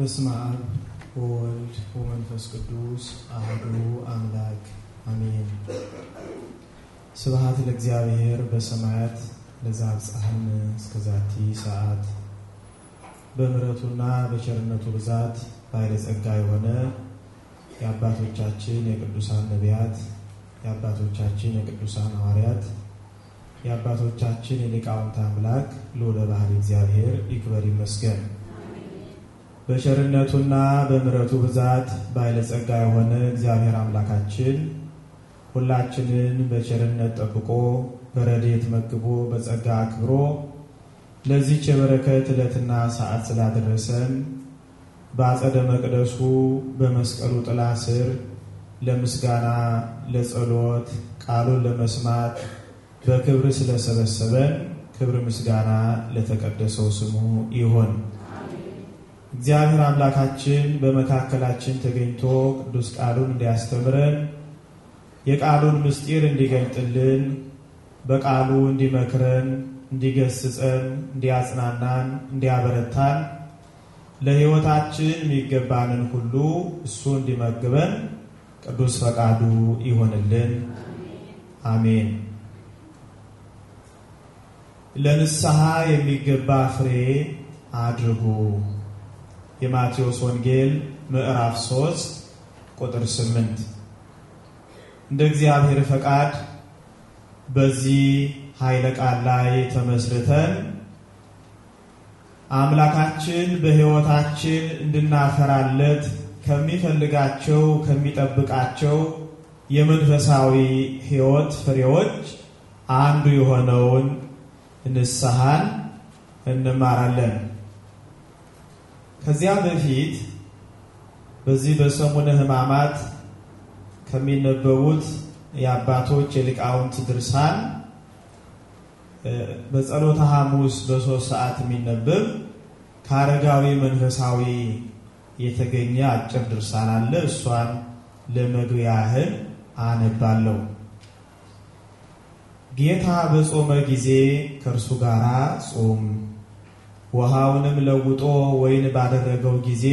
በስመ አብ ወወልድ ወመንፈስ ቅዱስ አህዱ አምላክ አሜን። ስብሐት ለእግዚአብሔር በሰማያት ለዘአብጽሐነ እስከ ዛቲ ሰዓት። በምሕረቱና በቸርነቱ ብዛት ባለጸጋ የሆነ የአባቶቻችን የቅዱሳን ነቢያት፣ የአባቶቻችን የቅዱሳን ሐዋርያት፣ የአባቶቻችን የሊቃውንት አምላክ ልዑለ ባሕርይ እግዚአብሔር ይክበር ይመስገን። በቸርነቱና በምረቱ ብዛት ባለጸጋ የሆነ እግዚአብሔር አምላካችን ሁላችንን በቸርነት ጠብቆ በረድኤት መግቦ በጸጋ አክብሮ ለዚች የበረከት ዕለትና ሰዓት ስላደረሰን በአጸደ መቅደሱ በመስቀሉ ጥላ ስር ለምስጋና፣ ለጸሎት፣ ቃሉን ለመስማት በክብር ስለሰበሰበን ክብር ምስጋና ለተቀደሰው ስሙ ይሆን። እግዚአብሔር አምላካችን በመካከላችን ተገኝቶ ቅዱስ ቃሉን እንዲያስተምረን የቃሉን ምስጢር እንዲገልጥልን በቃሉ እንዲመክረን፣ እንዲገስጸን፣ እንዲያጽናናን፣ እንዲያበረታን ለሕይወታችን የሚገባንን ሁሉ እሱ እንዲመግበን ቅዱስ ፈቃዱ ይሆንልን። አሜን። ለንስሐ የሚገባ ፍሬ አድርጉ። የማቴዎስ ወንጌል ምዕራፍ 3 ቁጥር 8። እንደ እግዚአብሔር ፈቃድ በዚህ ኃይለ ቃል ላይ ተመስርተን አምላካችን በሕይወታችን እንድናፈራለት ከሚፈልጋቸው ከሚጠብቃቸው የመንፈሳዊ ሕይወት ፍሬዎች አንዱ የሆነውን ንስሐን እንማራለን። ከዚያ በፊት በዚህ በሰሙነ ሕማማት ከሚነበቡት የአባቶች የሊቃውንት ድርሳን በጸሎተ ሐሙስ በሶስት ሰዓት የሚነበብ ከአረጋዊ መንፈሳዊ የተገኘ አጭር ድርሳን አለ። እሷን ለመግቢያ ያህል አነባለሁ። ጌታ በጾመ ጊዜ ከእርሱ ጋር ጾም ውሃውንም ለውጦ ወይን ባደረገው ጊዜ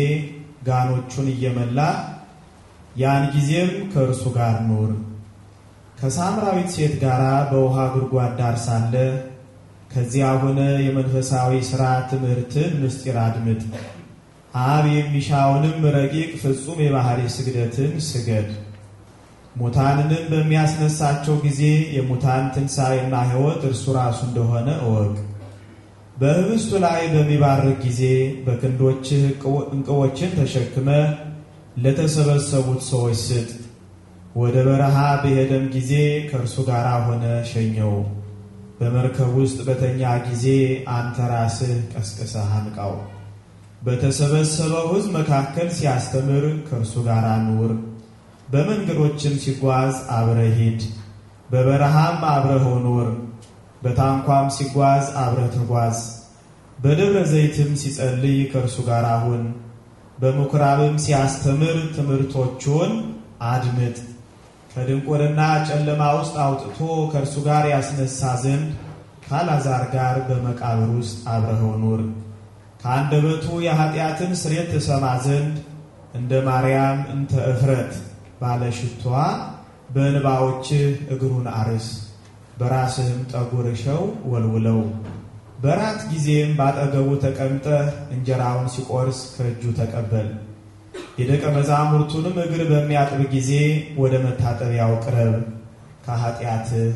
ጋኖቹን እየመላ ያን ጊዜም ከእርሱ ጋር ኖር። ከሳምራዊት ሴት ጋር በውሃ ጉድጓድ ዳር ሳለ ከዚያ ሆነ የመንፈሳዊ ሥራ ትምህርትን ምስጢር አድምጥ። አብ የሚሻውንም ረቂቅ ፍጹም የባህሪ ስግደትን ስገድ። ሙታንንም በሚያስነሳቸው ጊዜ የሙታን ትንሣኤና ሕይወት እርሱ ራሱ እንደሆነ እወቅ። በህብስቱ ላይ በሚባርክ ጊዜ በክንዶችህ እንቅቦችን ተሸክመ ለተሰበሰቡት ሰዎች ስጥ። ወደ በረሃ በሄደም ጊዜ ከእርሱ ጋር ሆነ ሸኘው። በመርከብ ውስጥ በተኛ ጊዜ አንተ ራስህ ቀስቅሰህ አንቃው። በተሰበሰበው ሕዝብ መካከል ሲያስተምር ከእርሱ ጋር ኑር። በመንገዶችም ሲጓዝ አብረህ ሂድ። በበረሃም አብረኸው ኑር። በታንኳም ሲጓዝ አብረህ ተጓዝ። በደብረ ዘይትም ሲጸልይ ከእርሱ ጋር አሁን በምኩራብም ሲያስተምር ትምህርቶቹን አድምጥ። ከድንቁርና ጨለማ ውስጥ አውጥቶ ከእርሱ ጋር ያስነሳ ዘንድ ካላዛር ጋር በመቃብር ውስጥ አብረኸው ኑር። ከአንደበቱ የኃጢአትን ስሬት ትሰማ ዘንድ እንደ ማርያም እንተ እፍረት ባለ ሽቷ በእንባዎችህ እግሩን አርስ። በራስህም ጠጉር እሸው ወልውለው። በራት ጊዜም ባጠገቡ ተቀምጠህ እንጀራውን ሲቆርስ ከእጁ ተቀበል። የደቀ መዛሙርቱንም እግር በሚያጥብ ጊዜ ወደ መታጠቢያው ቅረብ፣ ከኃጢአትህ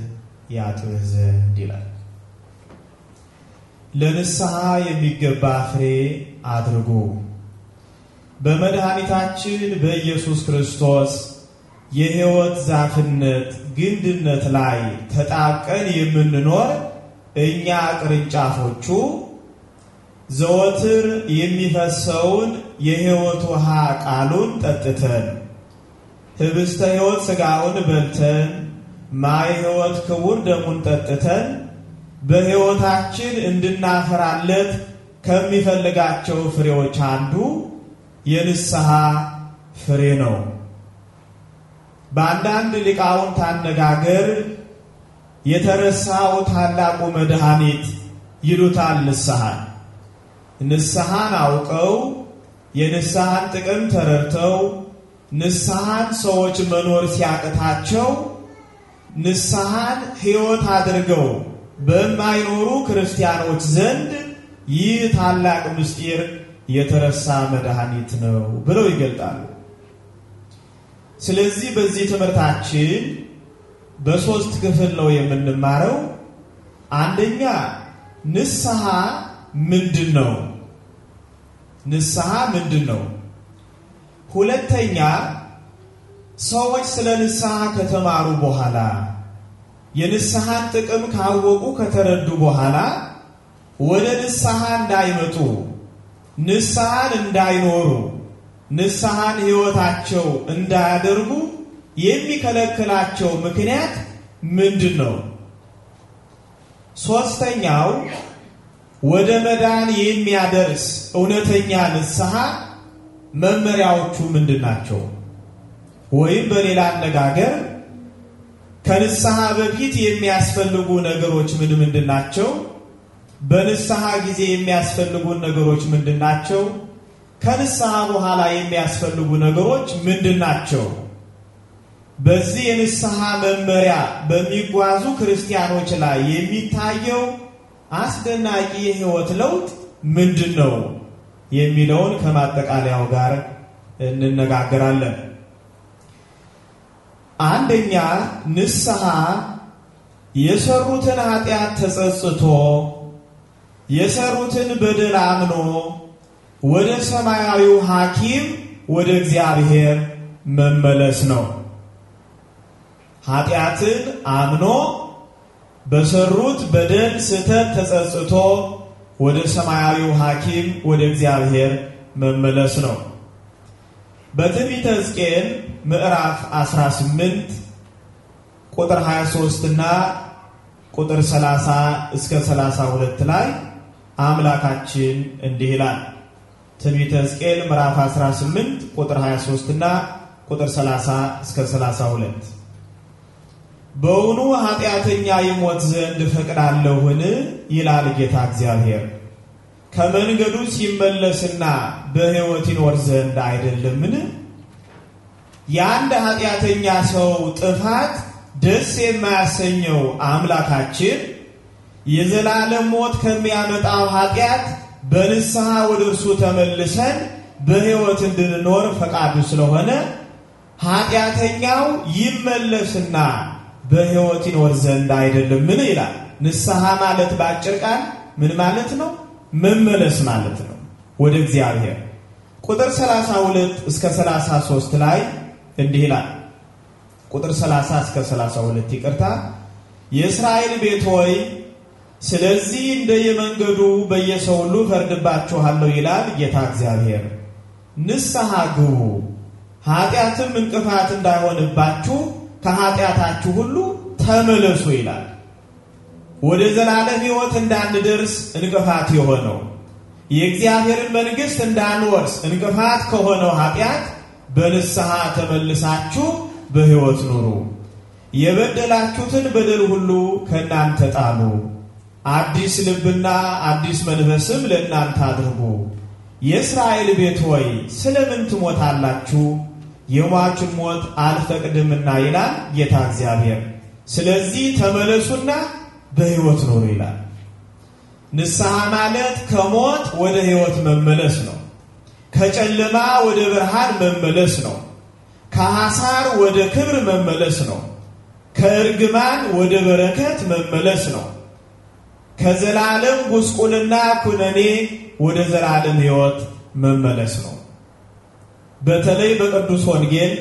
ያጥብህ ዘንድ ይላል። ለንስሐ የሚገባ ፍሬ አድርጉ። በመድኃኒታችን በኢየሱስ ክርስቶስ የሕይወት ዛፍነት ግንድነት ላይ ተጣብቀን የምንኖር እኛ ቅርንጫፎቹ ዘወትር የሚፈሰውን የሕይወት ውሃ ቃሉን ጠጥተን ህብስተ ሕይወት ሥጋውን በልተን ማይ ሕይወት ክቡር ደሙን ጠጥተን በሕይወታችን እንድናፈራለት ከሚፈልጋቸው ፍሬዎች አንዱ የንስሐ ፍሬ ነው። በአንዳንድ ሊቃውንት አነጋገር የተረሳው ታላቁ መድኃኒት ይሉታል ንስሐን። ንስሐን አውቀው የንስሐን ጥቅም ተረድተው ንስሐን ሰዎች መኖር ሲያቅታቸው ንስሐን ሕይወት አድርገው በማይኖሩ ክርስቲያኖች ዘንድ ይህ ታላቅ ምስጢር የተረሳ መድኃኒት ነው ብለው ይገልጣሉ። ስለዚህ በዚህ ትምህርታችን በሶስት ክፍል ነው የምንማረው። አንደኛ ንስሐ ምንድን ነው? ንስሐ ምንድን ነው? ሁለተኛ ሰዎች ስለ ንስሐ ከተማሩ በኋላ የንስሐን ጥቅም ካወቁ ከተረዱ በኋላ ወደ ንስሐ እንዳይመጡ ንስሐን እንዳይኖሩ ንስሐን ሕይወታቸው እንዳያደርጉ የሚከለክላቸው ምክንያት ምንድን ነው? ሶስተኛው ወደ መዳን የሚያደርስ እውነተኛ ንስሐ መመሪያዎቹ ምንድን ናቸው? ወይም በሌላ አነጋገር ከንስሐ በፊት የሚያስፈልጉ ነገሮች ምን ምንድን ናቸው? በንስሐ ጊዜ የሚያስፈልጉን ነገሮች ምንድን ናቸው? ከንስሐ በኋላ የሚያስፈልጉ ነገሮች ምንድን ናቸው? በዚህ የንስሐ መመሪያ በሚጓዙ ክርስቲያኖች ላይ የሚታየው አስደናቂ የህይወት ለውጥ ምንድን ነው የሚለውን ከማጠቃለያው ጋር እንነጋገራለን። አንደኛ ንስሐ የሰሩትን ኃጢአት ተጸጽቶ የሰሩትን በደል አምኖ ወደ ሰማያዊው ሐኪም ወደ እግዚአብሔር መመለስ ነው። ኃጢአትን አምኖ በሰሩት በደል ስህተት ተጸጽቶ ወደ ሰማያዊው ሐኪም ወደ እግዚአብሔር መመለስ ነው። በትንቢተ ሕዝቅኤል ምዕራፍ 18 ቁጥር 23 እና ቁጥር 30 እስከ 32 ላይ አምላካችን እንዲህ ይላል ትንቢተ ሕዝቅኤል ምዕራፍ 18 ቁጥር 23 እና ቁጥር 30 እስከ 32 በውኑ ኃጢአተኛ ይሞት ዘንድ ፈቅዳለሁን? ይላል ጌታ እግዚአብሔር። ከመንገዱ ሲመለስና በሕይወት ይኖር ዘንድ አይደለምን? የአንድ ኃጢአተኛ ሰው ጥፋት ደስ የማያሰኘው አምላካችን የዘላለም ሞት ከሚያመጣው ኃጢአት በንስሐ ወደ እርሱ ተመልሰን በሕይወት እንድንኖር ፈቃዱ ስለሆነ ኃጢአተኛው ይመለስና በሕይወት ይኖር ዘንድ አይደለምን ይላል። ንስሐ ማለት በአጭር ቃል ምን ማለት ነው? መመለስ ማለት ነው ወደ እግዚአብሔር። ቁጥር 32 እስከ 33 ላይ እንዲህ ይላል። ቁጥር 30 እስከ 32 ይቅርታ። የእስራኤል ቤት ሆይ ስለዚህ እንደየመንገዱ በየሰው ሁሉ ፈርድባችኋለሁ ይላል ጌታ እግዚአብሔር። ንስሐ ግቡ፣ ኃጢአትም እንቅፋት እንዳይሆንባችሁ ከኃጢአታችሁ ሁሉ ተመለሱ ይላል። ወደ ዘላለም ሕይወት እንዳንደርስ እንቅፋት የሆነው የእግዚአብሔርን መንግሥት እንዳንወርስ እንቅፋት ከሆነው ኃጢአት በንስሐ ተመልሳችሁ በሕይወት ኑሩ። የበደላችሁትን በደል ሁሉ ከእናንተ ጣሉ አዲስ ልብና አዲስ መንፈስም ለእናንተ አድርጉ። የእስራኤል ቤት ሆይ ስለምን ትሞታላችሁ? የሟችን ሞት አልፈቅድምና ይላል ጌታ እግዚአብሔር። ስለዚህ ተመለሱና በሕይወት ኖሩ ይላል። ንስሐ ማለት ከሞት ወደ ሕይወት መመለስ ነው። ከጨለማ ወደ ብርሃን መመለስ ነው። ከሐሳር ወደ ክብር መመለስ ነው። ከእርግማን ወደ በረከት መመለስ ነው። ከዘላለም ጉስቁልና ኩነኔ ወደ ዘላለም ሕይወት መመለስ ነው። በተለይ በቅዱስ ወንጌል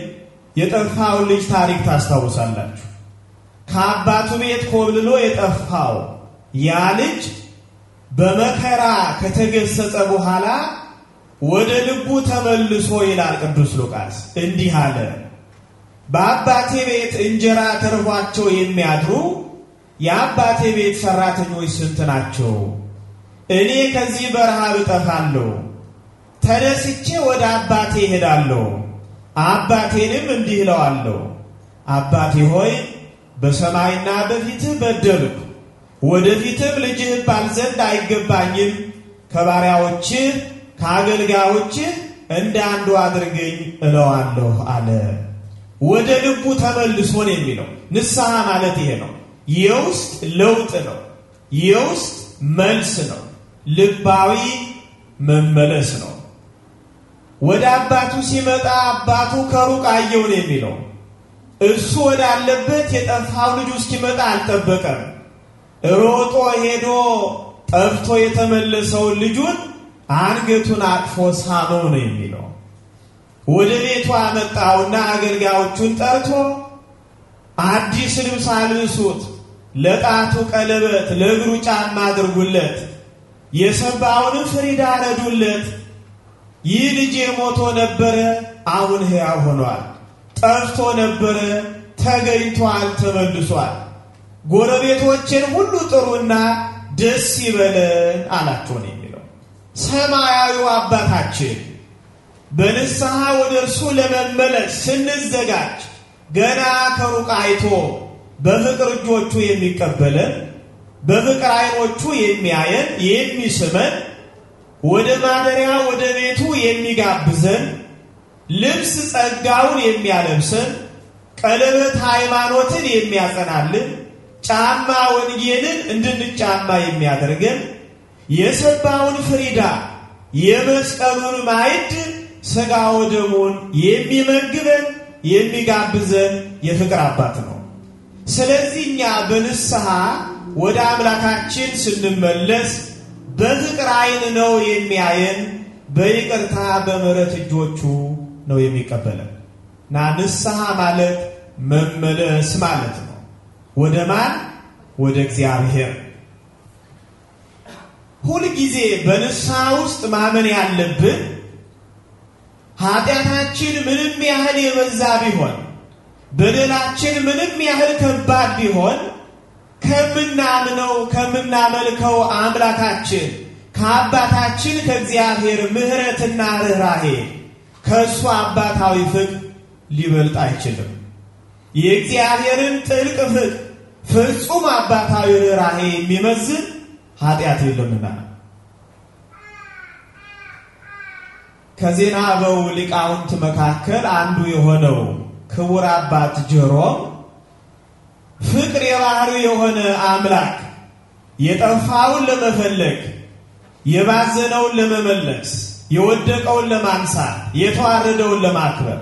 የጠፋው ልጅ ታሪክ ታስታውሳላችሁ። ከአባቱ ቤት ኮብልሎ የጠፋው ያ ልጅ በመከራ ከተገሰጸ በኋላ ወደ ልቡ ተመልሶ ይላል ቅዱስ ሉቃስ እንዲህ አለ፣ በአባቴ ቤት እንጀራ ተርፏቸው የሚያድሩ የአባቴ ቤት ሠራተኞች ስንት ናቸው? እኔ ከዚህ በረሃብ እጠፋለሁ። ተነስቼ ወደ አባቴ እሄዳለሁ፣ አባቴንም እንዲህ እለዋለሁ፣ አባቴ ሆይ በሰማይና በፊትህ በደልኩ፣ ወደፊትም ልጅህ ባል ዘንድ አይገባኝም። ከባሪያዎችህ ከአገልጋዮችህ እንደ አንዱ አድርገኝ እለዋለሁ አለ። ወደ ልቡ ተመልሶ የሚለው። ንስሐ ማለት ይሄ ነው። የውስጥ ለውጥ ነው። የውስጥ መልስ ነው። ልባዊ መመለስ ነው። ወደ አባቱ ሲመጣ አባቱ ከሩቅ አየው ነው የሚለው። እሱ ወዳለበት የጠፋው ልጁ እስኪመጣ አልጠበቀም። ሮጦ ሄዶ ጠፍቶ የተመለሰውን ልጁን አንገቱን አቅፎ ሳመው ነው የሚለው። ወደ ቤቱ አመጣውና አገልጋዮቹን ጠርቶ አዲስ ልብስ አልብሱት ለጣቱ ቀለበት ለእግሩ ጫማ አድርጉለት፣ የሰባውንም ፍሪዳ አረዱለት። ይህ ልጄ ሞቶ ነበረ፣ አሁን ሕያው ሆኗል፣ ጠፍቶ ነበረ፣ ተገኝቷል፣ ተመልሷል። ጎረቤቶችን ሁሉ ጥሩና ደስ ይበለን አላቸውን የሚለው። ሰማያዊ አባታችን በንስሐ ወደ እርሱ ለመመለስ ስንዘጋጅ ገና ከሩቅ አይቶ በፍቅር እጆቹ የሚቀበለን በፍቅር አይኖቹ የሚያየን የሚስመን ወደ ማደሪያ ወደ ቤቱ የሚጋብዘን ልብስ ጸጋውን የሚያለብሰን ቀለበት ሃይማኖትን የሚያጸናልን ጫማ ወንጌልን እንድንጫማ የሚያደርገን የሰባውን ፍሪዳ የመስቀሉን ማዕድ ሥጋ ወደሙን የሚመግበን የሚጋብዘን የፍቅር አባት ነው። ስለዚህ እኛ በንስሐ ወደ አምላካችን ስንመለስ በዝቅር አይን ነው የሚያየን፣ በይቅርታ በምሕረት እጆቹ ነው የሚቀበለን እና ንስሐ ማለት መመለስ ማለት ነው። ወደ ማን? ወደ እግዚአብሔር። ሁልጊዜ በንስሐ ውስጥ ማመን ያለብን ኃጢአታችን ምንም ያህል የበዛ ቢሆን በደላችን ምንም ያህል ከባድ ቢሆን ከምናምነው ከምናመልከው አምላካችን ከአባታችን ከእግዚአብሔር ምሕረትና ርኅራሄ ከእሱ አባታዊ ፍቅ ሊበልጥ አይችልም። የእግዚአብሔርን ጥልቅ ፍቅ፣ ፍጹም አባታዊ ርኅራሄ የሚመዝን ኃጢአት የለምና ከዜና በው ሊቃውንት መካከል አንዱ የሆነው ክቡር አባት ጀሮም ፍቅር የባህሪው የሆነ አምላክ የጠፋውን ለመፈለግ የባዘነውን ለመመለስ የወደቀውን ለማንሳት የተዋረደውን ለማክበር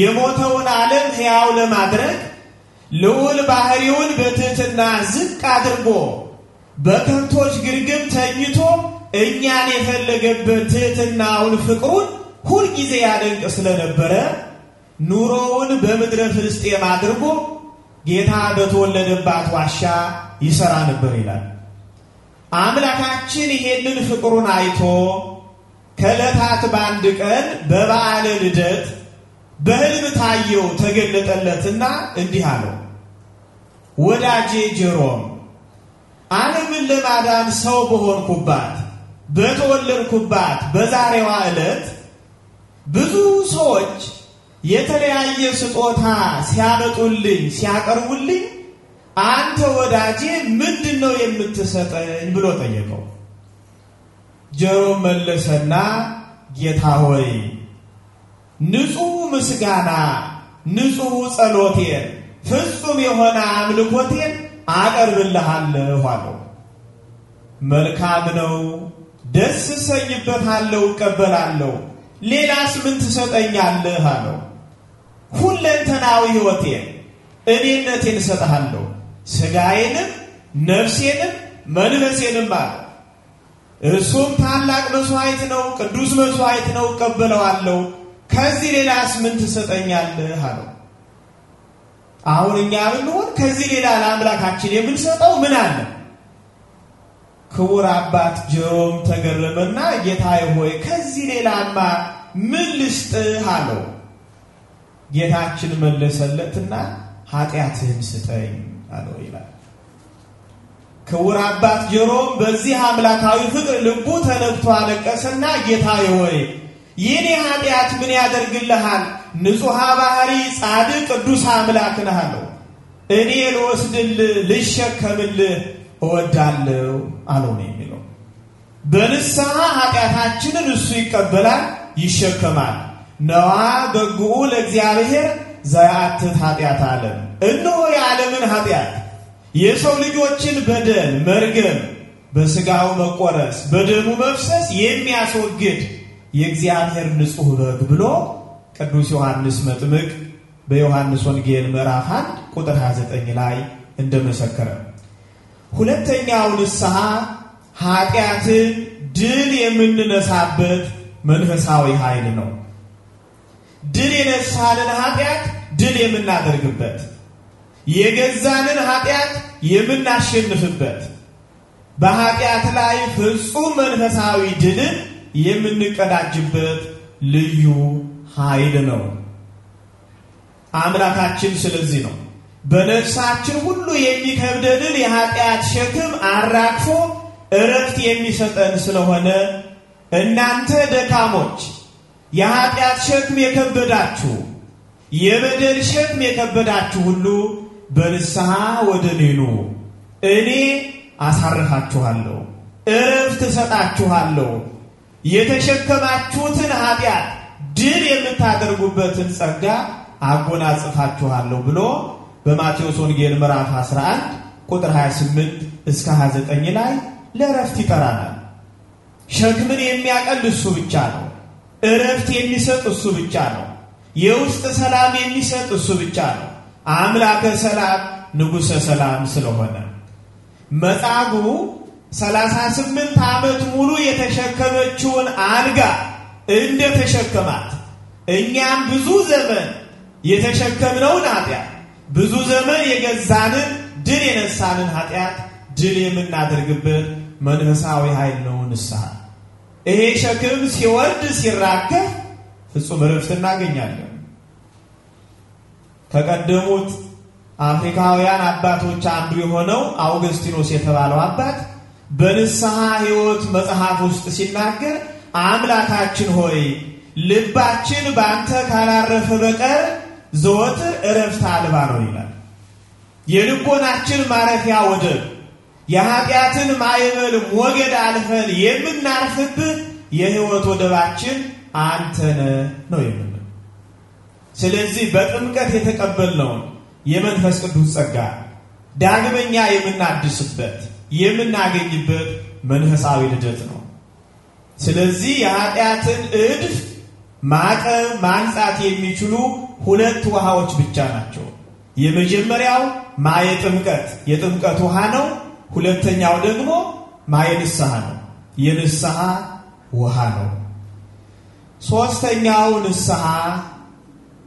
የሞተውን ዓለም ሕያው ለማድረግ ልዑል ባህሪውን በትህትና ዝቅ አድርጎ በከብቶች ግርግም ተኝቶ እኛን የፈለገበት ትህትናውን ፍቅሩን ሁልጊዜ ያደንቅ ስለነበረ ኑሮውን በምድረ ፍልስጤም አድርጎ ጌታ በተወለደባት ዋሻ ይሰራ ነበር ይላል። አምላካችን ይሄንን ፍቅሩን አይቶ ከዕለታት በአንድ ቀን በበዓለ ልደት በሕልም ታየው ተገለጠለትና እንዲህ አለው፣ ወዳጄ ጀሮም ዓለምን ለማዳን ሰው በሆንኩባት በተወለድኩባት በዛሬዋ ዕለት ብዙ ሰዎች የተለያየ ስጦታ ሲያመጡልኝ ሲያቀርቡልኝ አንተ ወዳጄ ምንድን ነው የምትሰጠኝ ብሎ ጠየቀው። ጆሮ መለሰና ጌታ ሆይ ንጹሕ ምስጋና፣ ንጹሕ ጸሎቴን፣ ፍጹም የሆነ አምልኮቴን አቀርብልሃለሁ አለው። መልካም ነው፣ ደስ እሰኝበታለሁ፣ እቀበላለሁ። ሌላስ ምን ትሰጠኛለህ አለው። ሁለንተናዊ ሕይወቴን እኔነቴን እሰጥሃለሁ ስጋዬንም ነፍሴንም መንፈሴንም አለ። እርሱም ታላቅ መስዋይት ነው፣ ቅዱስ መሥዋዕት ነው፣ እቀበለዋለሁ። ከዚህ ሌላስ ምን ትሰጠኛለህ አለው። አሁን እኛ ብንሆን ከዚህ ሌላ ለአምላካችን የምንሰጠው ምን አለ? ክቡር አባት ጀሮም ተገረመና ጌታ ሆይ ከዚህ ሌላማ ምን ልስጥህ አለው። ጌታችን መለሰለትና ኃጢአትህን ስተኝ አለው ይላል። ክቡር አባት ጀሮም በዚህ አምላካዊ ፍቅር ልቡ ተነብቶ አለቀሰና ጌታ ሆይ የኔ ኃጢአት ምን ያደርግልሃል? ንጹሐ ባህሪ ጻድቅ ቅዱስ አምላክ ነህ አለው። እኔ ልወስድልህ ልሸከምልህ እወዳለሁ አለው ነው የሚለው። በንስሐ ኃጢአታችንን እሱ ይቀበላል፣ ይሸከማል። ነዋ በጉዑ ለእግዚአብሔር ዘያትት ኃጢአት ዓለም እነሆ የዓለምን ኃጢአት የሰው ልጆችን በደል መርገም በሥጋው መቆረስ በደሙ መፍሰስ የሚያስወግድ የእግዚአብሔር ንጹሕ በግ ብሎ ቅዱስ ዮሐንስ መጥምቅ በዮሐንስ ወንጌል ምዕራፍ 1 ቁጥር 29 ላይ እንደመሰከረ ሁለተኛው ንስሐ ኃጢአትን ድል የምንነሳበት መንፈሳዊ ኃይል ነው። ድል የነሳንን ኃጢአት ድል የምናደርግበት የገዛንን ኃጢአት የምናሸንፍበት በኃጢአት ላይ ፍጹም መንፈሳዊ ድልን የምንቀዳጅበት ልዩ ኃይል ነው አምላካችን። ስለዚህ ነው በነፍሳችን ሁሉ የሚከብደንን የኃጢአት ሸክም አራግፎ እረፍት የሚሰጠን ስለሆነ እናንተ ደካሞች የኃጢአት ሸክም የከበዳችሁ የበደል ሸክም የከበዳችሁ ሁሉ በንስሐ ወደ እኔ ኑ፣ እኔ አሳርፋችኋለሁ፣ እረፍት እሰጣችኋለሁ። የተሸከማችሁትን ኃጢአት ድል የምታደርጉበትን ጸጋ አጎናጽፋችኋለሁ ብሎ በማቴዎስ ወንጌል ምዕራፍ 11 ቁጥር 28 እስከ 29 ላይ ለእረፍት ይጠራናል። ሸክምን የሚያቀል እሱ ብቻ ነው። እረፍት የሚሰጥ እሱ ብቻ ነው። የውስጥ ሰላም የሚሰጥ እሱ ብቻ ነው። አምላከ ሰላም ንጉሠ ሰላም ስለሆነ መጻጉዕ 38 ስምንት ዓመት ሙሉ የተሸከመችውን አልጋ እንደ ተሸከማት እኛም ብዙ ዘመን የተሸከምነውን ኃጢአት ብዙ ዘመን የገዛንን ድል የነሳንን ኃጢአት ድል የምናደርግበት መንፈሳዊ ኃይል ነው ንስሐ። ይሄ ሸክም ሲወርድ ሲራገፍ ፍጹም እረፍት እናገኛለን። ከቀደሙት አፍሪካውያን አባቶች አንዱ የሆነው አውገስቲኖስ የተባለው አባት በንስሐ ሕይወት መጽሐፍ ውስጥ ሲናገር አምላካችን ሆይ ልባችን በአንተ ካላረፈ በቀር ዘወትር እረፍት አልባ ነው ይላል። የልቦናችን ማረፊያ ወደብ የኃጢአትን ማዕበል ሞገድ አልፈን የምናርፍብህ የህይወት ወደባችን አንተነ ነው የምንለው። ስለዚህ በጥምቀት የተቀበልነውን የመንፈስ ቅዱስ ጸጋ ዳግመኛ የምናድስበት የምናገኝበት መንፈሳዊ ልደት ነው። ስለዚህ የኃጢአትን እድፍ ማጠብ ማንጻት የሚችሉ ሁለት ውሃዎች ብቻ ናቸው። የመጀመሪያው ማየ ጥምቀት የጥምቀት ውሃ ነው። ሁለተኛው ደግሞ ማየ ንስሐ ነው፣ የንስሐ ውሃ ነው። ሦስተኛው ንስሐ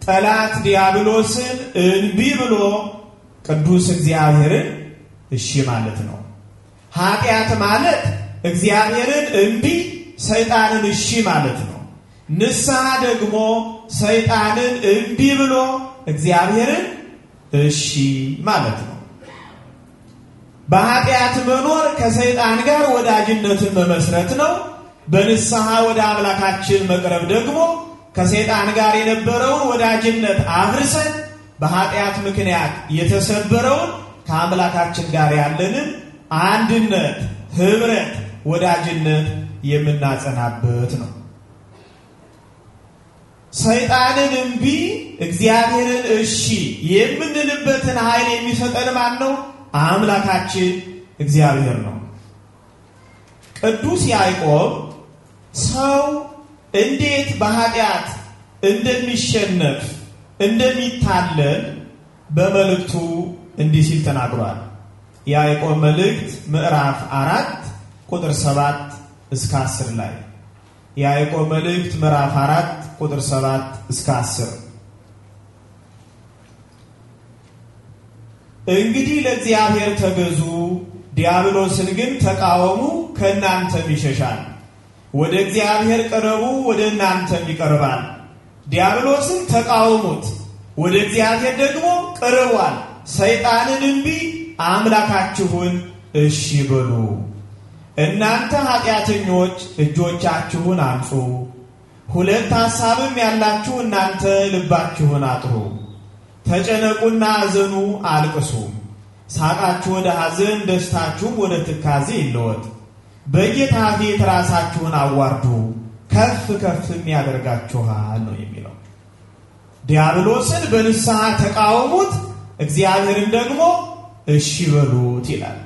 ጠላት ዲያብሎስን እንቢ ብሎ ቅዱስ እግዚአብሔርን እሺ ማለት ነው። ኃጢአት ማለት እግዚአብሔርን እንቢ ሰይጣንን እሺ ማለት ነው። ንስሐ ደግሞ ሰይጣንን እንቢ ብሎ እግዚአብሔርን እሺ ማለት ነው። በኃጢአት መኖር ከሰይጣን ጋር ወዳጅነትን መመስረት ነው። በንስሐ ወደ አምላካችን መቅረብ ደግሞ ከሰይጣን ጋር የነበረውን ወዳጅነት አፍርሰን በኃጢአት ምክንያት የተሰበረውን ከአምላካችን ጋር ያለንን አንድነት፣ ህብረት፣ ወዳጅነት የምናጸናበት ነው። ሰይጣንን እምቢ እግዚአብሔርን እሺ የምንልበትን ኃይል የሚሰጠን ማን ነው? አምላካችን እግዚአብሔር ነው። ቅዱስ ያዕቆብ ሰው እንዴት በኃጢአት እንደሚሸነፍ እንደሚታለል በመልእክቱ እንዲህ ሲል ተናግሯል። የአይቆብ መልእክት ምዕራፍ አራት ቁጥር ሰባት እስከ አስር ላይ የአይቆብ መልእክት ምዕራፍ አራት ቁጥር ሰባት እስከ አስር እንግዲህ ለእግዚአብሔር ተገዙ፣ ዲያብሎስን ግን ተቃወሙ፣ ከእናንተም ይሸሻል። ወደ እግዚአብሔር ቅረቡ፣ ወደ እናንተም ይቀርባል። ዲያብሎስን ተቃወሙት፣ ወደ እግዚአብሔር ደግሞ ቅርቧል። ሰይጣንን እንቢ፣ አምላካችሁን እሺ በሉ። እናንተ ኃጢአተኞች እጆቻችሁን አንጹ፣ ሁለት ሐሳብም ያላችሁ እናንተ ልባችሁን አጥሩ። ተጨነቁና አዘኑ፣ አልቅሱ። ሳቃችሁ ወደ ሐዘን፣ ደስታችሁም ወደ ትካዜ ይለወጥ። በጌታ ፊት ራሳችሁን አዋርዱ፣ ከፍ ከፍም ያደርጋችኋል ነው የሚለው። ዲያብሎስን በንስሐ ተቃወሙት፣ እግዚአብሔርን ደግሞ እሺ በሉት ይላል።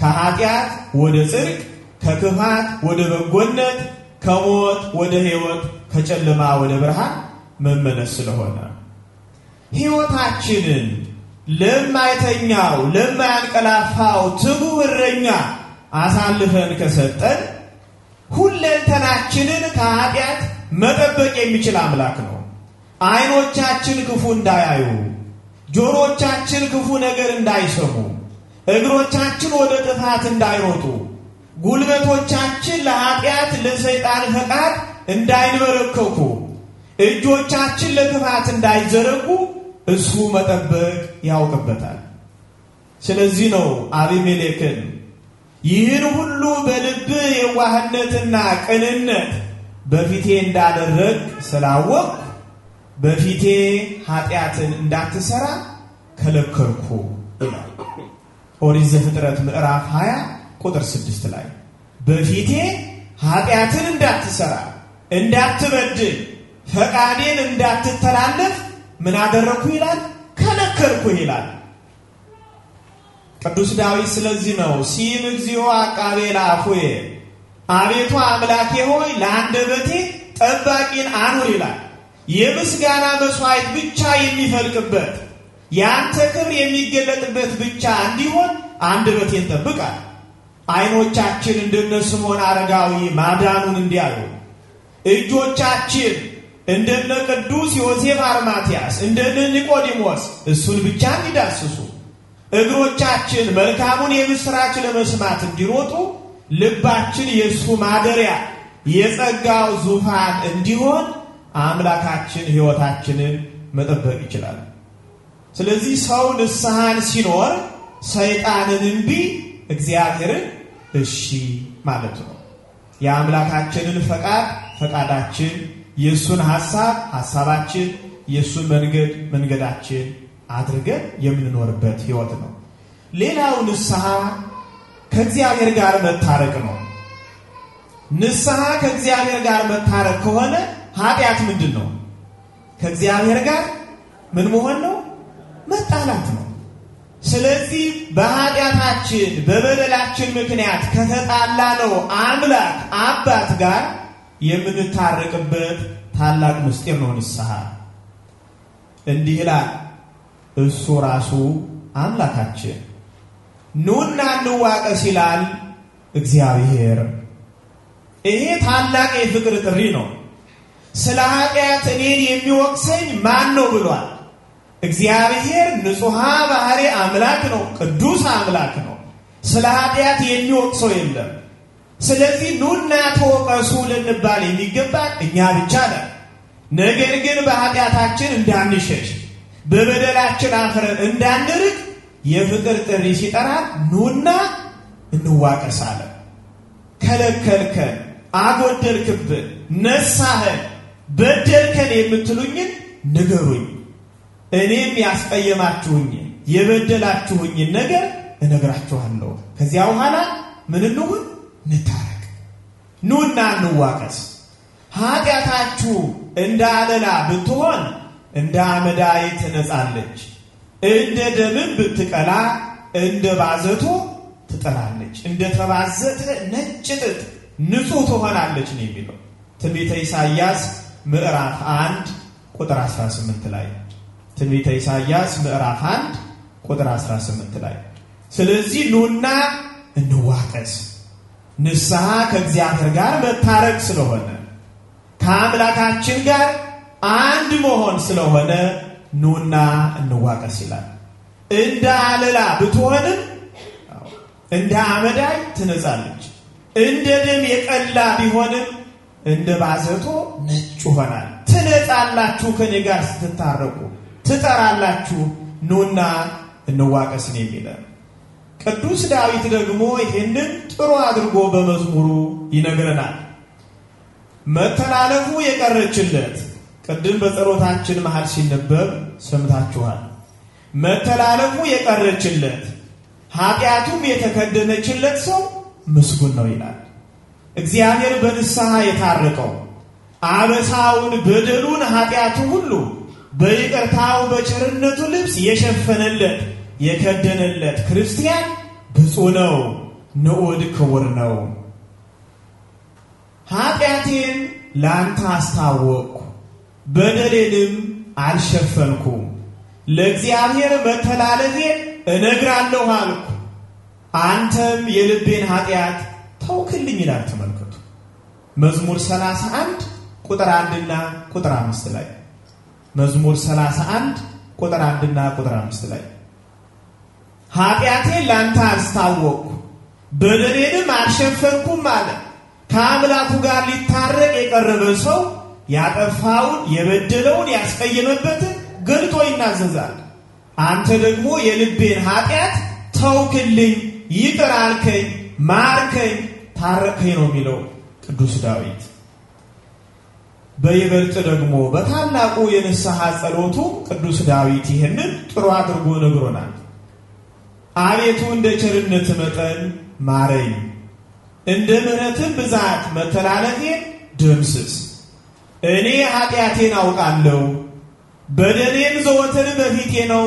ከኃጢአት ወደ ጽድቅ፣ ከክፋት ወደ በጎነት፣ ከሞት ወደ ሕይወት፣ ከጨለማ ወደ ብርሃን መመለስ ስለሆነ ሕይወታችንን ለማይተኛው ለማያንቀላፋው ትጉህ እረኛ አሳልፈን ከሰጠን ሁለንተናችንን ከኃጢአት መጠበቅ የሚችል አምላክ ነው። አይኖቻችን ክፉ እንዳያዩ፣ ጆሮቻችን ክፉ ነገር እንዳይሰሙ፣ እግሮቻችን ወደ ጥፋት እንዳይሮጡ፣ ጉልበቶቻችን ለኃጢአት ለሰይጣን ፈቃድ እንዳይንበረከኩ፣ እጆቻችን ለክፋት እንዳይዘረጉ እሱ መጠበቅ ያውቅበታል። ስለዚህ ነው አቢሜሌክን ይህን ሁሉ በልብ የዋህነትና ቅንነት በፊቴ እንዳደረግ ስላወቅ በፊቴ ኃጢአትን እንዳትሰራ ከለከልኩ ይላል ኦሪት ዘፍጥረት ምዕራፍ 20 ቁጥር 6 ላይ በፊቴ ኃጢአትን እንዳትሰራ፣ እንዳትበድል፣ ፈቃዴን እንዳትተላለፍ ምን አደረኩ ይላል? ከነከርኩ ይላል። ቅዱስ ዳዊት ስለዚህ ነው ሲም እግዚኦ አቃቤ ለአፉየ፣ አቤቱ አምላኬ ሆይ ለአንደበቴ ጠባቂን አኑር ይላል። የምስጋና መስዋዕት ብቻ የሚፈልቅበት የአንተ ክብር የሚገለጥበት ብቻ እንዲሆን አንደበቴን ጠብቃል። አይኖቻችን እንደነ ስምዖን አረጋዊ ማዳኑን እንዲያዩ እጆቻችን እንደነ ቅዱስ ዮሴፍ አርማትያስ እንደነ ኒቆዲሞስ እሱን ብቻ እንዲዳስሱ እግሮቻችን መልካሙን የምሥራች ለመስማት እንዲሮጡ ልባችን የእሱ ማደሪያ የጸጋው ዙፋን እንዲሆን አምላካችን ሕይወታችንን መጠበቅ ይችላል። ስለዚህ ሰው ንስሐን ሲኖር ሰይጣንን እንቢ እግዚአብሔርን እሺ ማለት ነው። የአምላካችንን ፈቃድ ፈቃዳችን የእሱን ሀሳብ ሀሳባችን፣ የእሱን መንገድ መንገዳችን አድርገን የምንኖርበት ህይወት ነው። ሌላው ንስሐ ከእግዚአብሔር ጋር መታረቅ ነው። ንስሐ ከእግዚአብሔር ጋር መታረቅ ከሆነ ኃጢአት ምንድን ነው? ከእግዚአብሔር ጋር ምን መሆን ነው? መጣላት ነው። ስለዚህ በኃጢአታችን በበደላችን ምክንያት ከተጣላ ነው አምላክ አባት ጋር የምንታረቅበት ታላቅ ምስጢር ነው ንስሐ። እንዲህ ይላል እሱ ራሱ አምላካችን ኑና እንዋቀስ ይላል እግዚአብሔር። ይሄ ታላቅ የፍቅር ጥሪ ነው። ስለ ኃጢአት እኔን የሚወቅሰኝ ማን ነው ብሏል። እግዚአብሔር ንጹሐ ባህሪ አምላክ ነው፣ ቅዱስ አምላክ ነው። ስለ ኃጢአት የሚወቅሰው የለም። ስለዚህ ኑና ተወቀሱ ልንባል የሚገባ እኛ ብቻ ነን። ነገር ግን በኃጢአታችን እንዳንሸሽ በበደላችን አፍረን እንዳንርቅ የፍቅር ጥሪ ሲጠራ ኑና እንዋቀሳለን። ከለከልከን፣ አጎደልክብን፣ ነሳህን፣ በደልከን የምትሉኝን ንገሩኝ። እኔም ያስቀየማችሁኝ የበደላችሁኝን ነገር እነግራችኋለሁ። ከዚያ በኋላ ምን እንሁን? እንታረቅ፣ ኑና እንዋቀስ። ኃጢአታችሁ እንደ አለላ ብትሆን እንደ አመዳይ ትነጻለች፣ እንደ ደምም ብትቀላ እንደ ባዘቶ ትጠላለች፣ እንደ ተባዘተ ነጭ ጥጥ ንጹሕ ትሆናለች ነው የሚለው ትንቢተ ኢሳይያስ ምዕራፍ 1 ቁጥር 18 ላይ ትንቢተ ኢሳይያስ ምዕራፍ 1 ቁጥር 18 ላይ። ስለዚህ ኑና እንዋቀስ ንስሐ ከእግዚአብሔር ጋር መታረቅ ስለሆነ ከአምላካችን ጋር አንድ መሆን ስለሆነ ኑና እንዋቀስ ይላል። እንደ አለላ ብትሆንም እንደ አመዳይ ትነጻለች። እንደ ደም የቀላ ቢሆንም እንደ ባዘቶ ነጭ ይሆናል። ትነጻላችሁ፣ ከኔ ጋር ስትታረቁ ትጠራላችሁ፣ ኑና እንዋቀስን የሚለን ቅዱስ ዳዊት ደግሞ ይህንን ጥሩ አድርጎ በመዝሙሩ ይነግረናል። መተላለፉ የቀረችለት ቅድም በጸሎታችን መሃል ሲነበብ ሰምታችኋል። መተላለፉ የቀረችለት ኃጢአቱም የተከደነችለት ሰው ምስጉን ነው ይላል። እግዚአብሔር በንስሐ የታረቀው አበሳውን፣ በደሉን፣ ኃጢአቱ ሁሉ በይቅርታው በቸርነቱ ልብስ የሸፈነለት የከደነለት ክርስቲያን ብፁ ነው፣ ንዑድ ክቡር ነው። ኃጢአቴን ለአንተ አስታወቅኩ፣ በደሌንም አልሸፈንኩ ለእግዚአብሔር መተላለፌን እነግራለሁ አልኩ፣ አንተም የልቤን ኃጢአት ተውክልኝ ይላል። ተመልከቱ መዝሙር 31 ቁጥር 1 እና ቁጥር 5 ላይ መዝሙር 31 ቁጥር 1 እና ቁጥር 5 ላይ ኃጢአቴ ላንተ አስታወቅኩ በደሌንም አልሸፈንኩም አለ። ከአምላኩ ጋር ሊታረቅ የቀረበ ሰው ያጠፋውን፣ የበደለውን፣ ያስቀየመበትን ገልጦ ይናዘዛል። አንተ ደግሞ የልቤን ኃጢአት ተውክልኝ፣ ይቅር አልከኝ፣ ማርከኝ፣ ታረከኝ ነው የሚለው ቅዱስ ዳዊት። በይበልጥ ደግሞ በታላቁ የንስሐ ጸሎቱ ቅዱስ ዳዊት ይህንን ጥሩ አድርጎ ነግሮናል። አቤቱ እንደ ቸርነት መጠን ማረኝ፣ እንደ ምሕረትም ብዛት መተላለፌን ደምስስ። እኔ ኃጢአቴን አውቃለሁ፣ በደሌም ዘወትር በፊቴ ነው።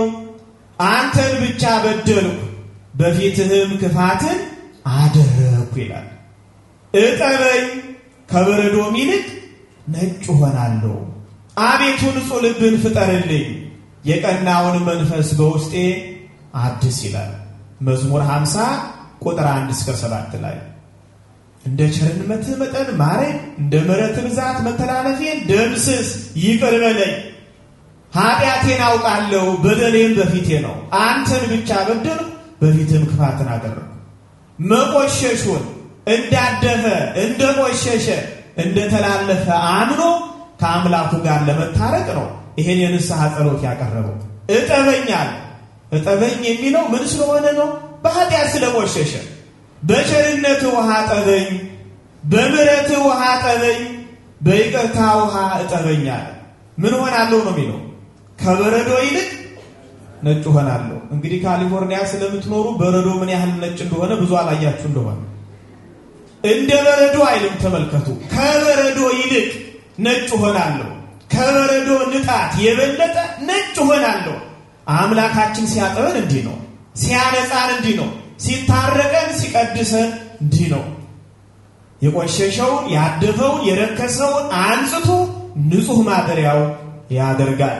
አንተን ብቻ በደልኩ፣ በፊትህም ክፋትን አደረኩ ይላል። እጠበኝ፣ ከበረዶም ይልቅ ነጭ እሆናለሁ። አቤቱ ንጹሕ ልብን ፍጠርልኝ፣ የቀናውን መንፈስ በውስጤ አድስ ይላል መዝሙር 50 ቁጥር 1 እስከ 7 ላይ እንደ ቸርነትህ መጠን ማረኝ፣ እንደ ምሕረትህ ብዛት መተላለፌን ደምስስ፣ ይቅር በለኝ። ኃጢአቴን አውቃለሁ፣ በደሌም በፊቴ ነው። አንተን ብቻ በደል በፊትም ክፋትን አደረግኩ። መቆሸሹን እንዳደፈ እንደ ቆሸሸ እንደተላለፈ አምኖ ከአምላኩ ጋር ለመታረቅ ነው ይሄን የንስሐ ጸሎት ያቀረበው። እጠበኛል እጠበኝ የሚለው ምን ስለሆነ ነው? በኃጢአት ስለቆሸሸ። በቸርነት ውሃ እጠበኝ፣ በምረት ውሃ ጠበኝ በይቅርታ ውሃ እጠበኝ አለ። ምን ሆናለሁ ነው የሚለው ከበረዶ ይልቅ ነጭ ሆናለሁ። እንግዲህ ካሊፎርኒያ ስለምትኖሩ በረዶ ምን ያህል ነጭ እንደሆነ ብዙ አላያችሁ እንደሆነ እንደ በረዶ አይልም። ተመልከቱ። ከበረዶ ይልቅ ነጭ ሆናለሁ፣ ከበረዶ ንጣት የበለጠ ነጭ ሆናለሁ። አምላካችን ሲያጥበን እንዲህ ነው። ሲያነጻን እንዲህ ነው። ሲታረቀን ሲቀድሰን እንዲህ ነው። የቆሸሸውን ያደፈውን የረከሰውን አንጽቶ ንጹሕ ማደሪያው ያደርጋል።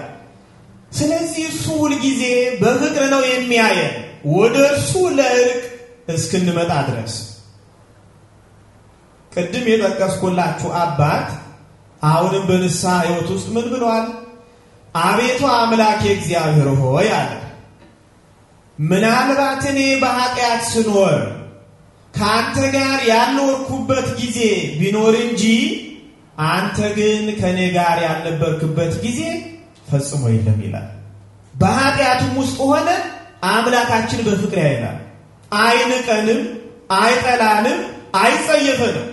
ስለዚህ እሱ ሁልጊዜ በፍቅር ነው የሚያየን ወደ እርሱ ለእርቅ እስክንመጣ ድረስ። ቅድም የጠቀስኩላችሁ አባት አሁንም በንስሐ ሕይወት ውስጥ ምን ብለዋል? አቤቱ አምላኬ እግዚአብሔር ሆይ አለ። ምናልባት እኔ በኃጢአት ስኖር ከአንተ ጋር ያልኖርኩበት ጊዜ ቢኖር እንጂ አንተ ግን ከእኔ ጋር ያልነበርክበት ጊዜ ፈጽሞ የለም ይላል። በኃጢአቱም ውስጥ ሆነ አምላካችን በፍቅር ያይላል። አይንቀንም፣ አይጠላንም፣ አይጸየፈንም።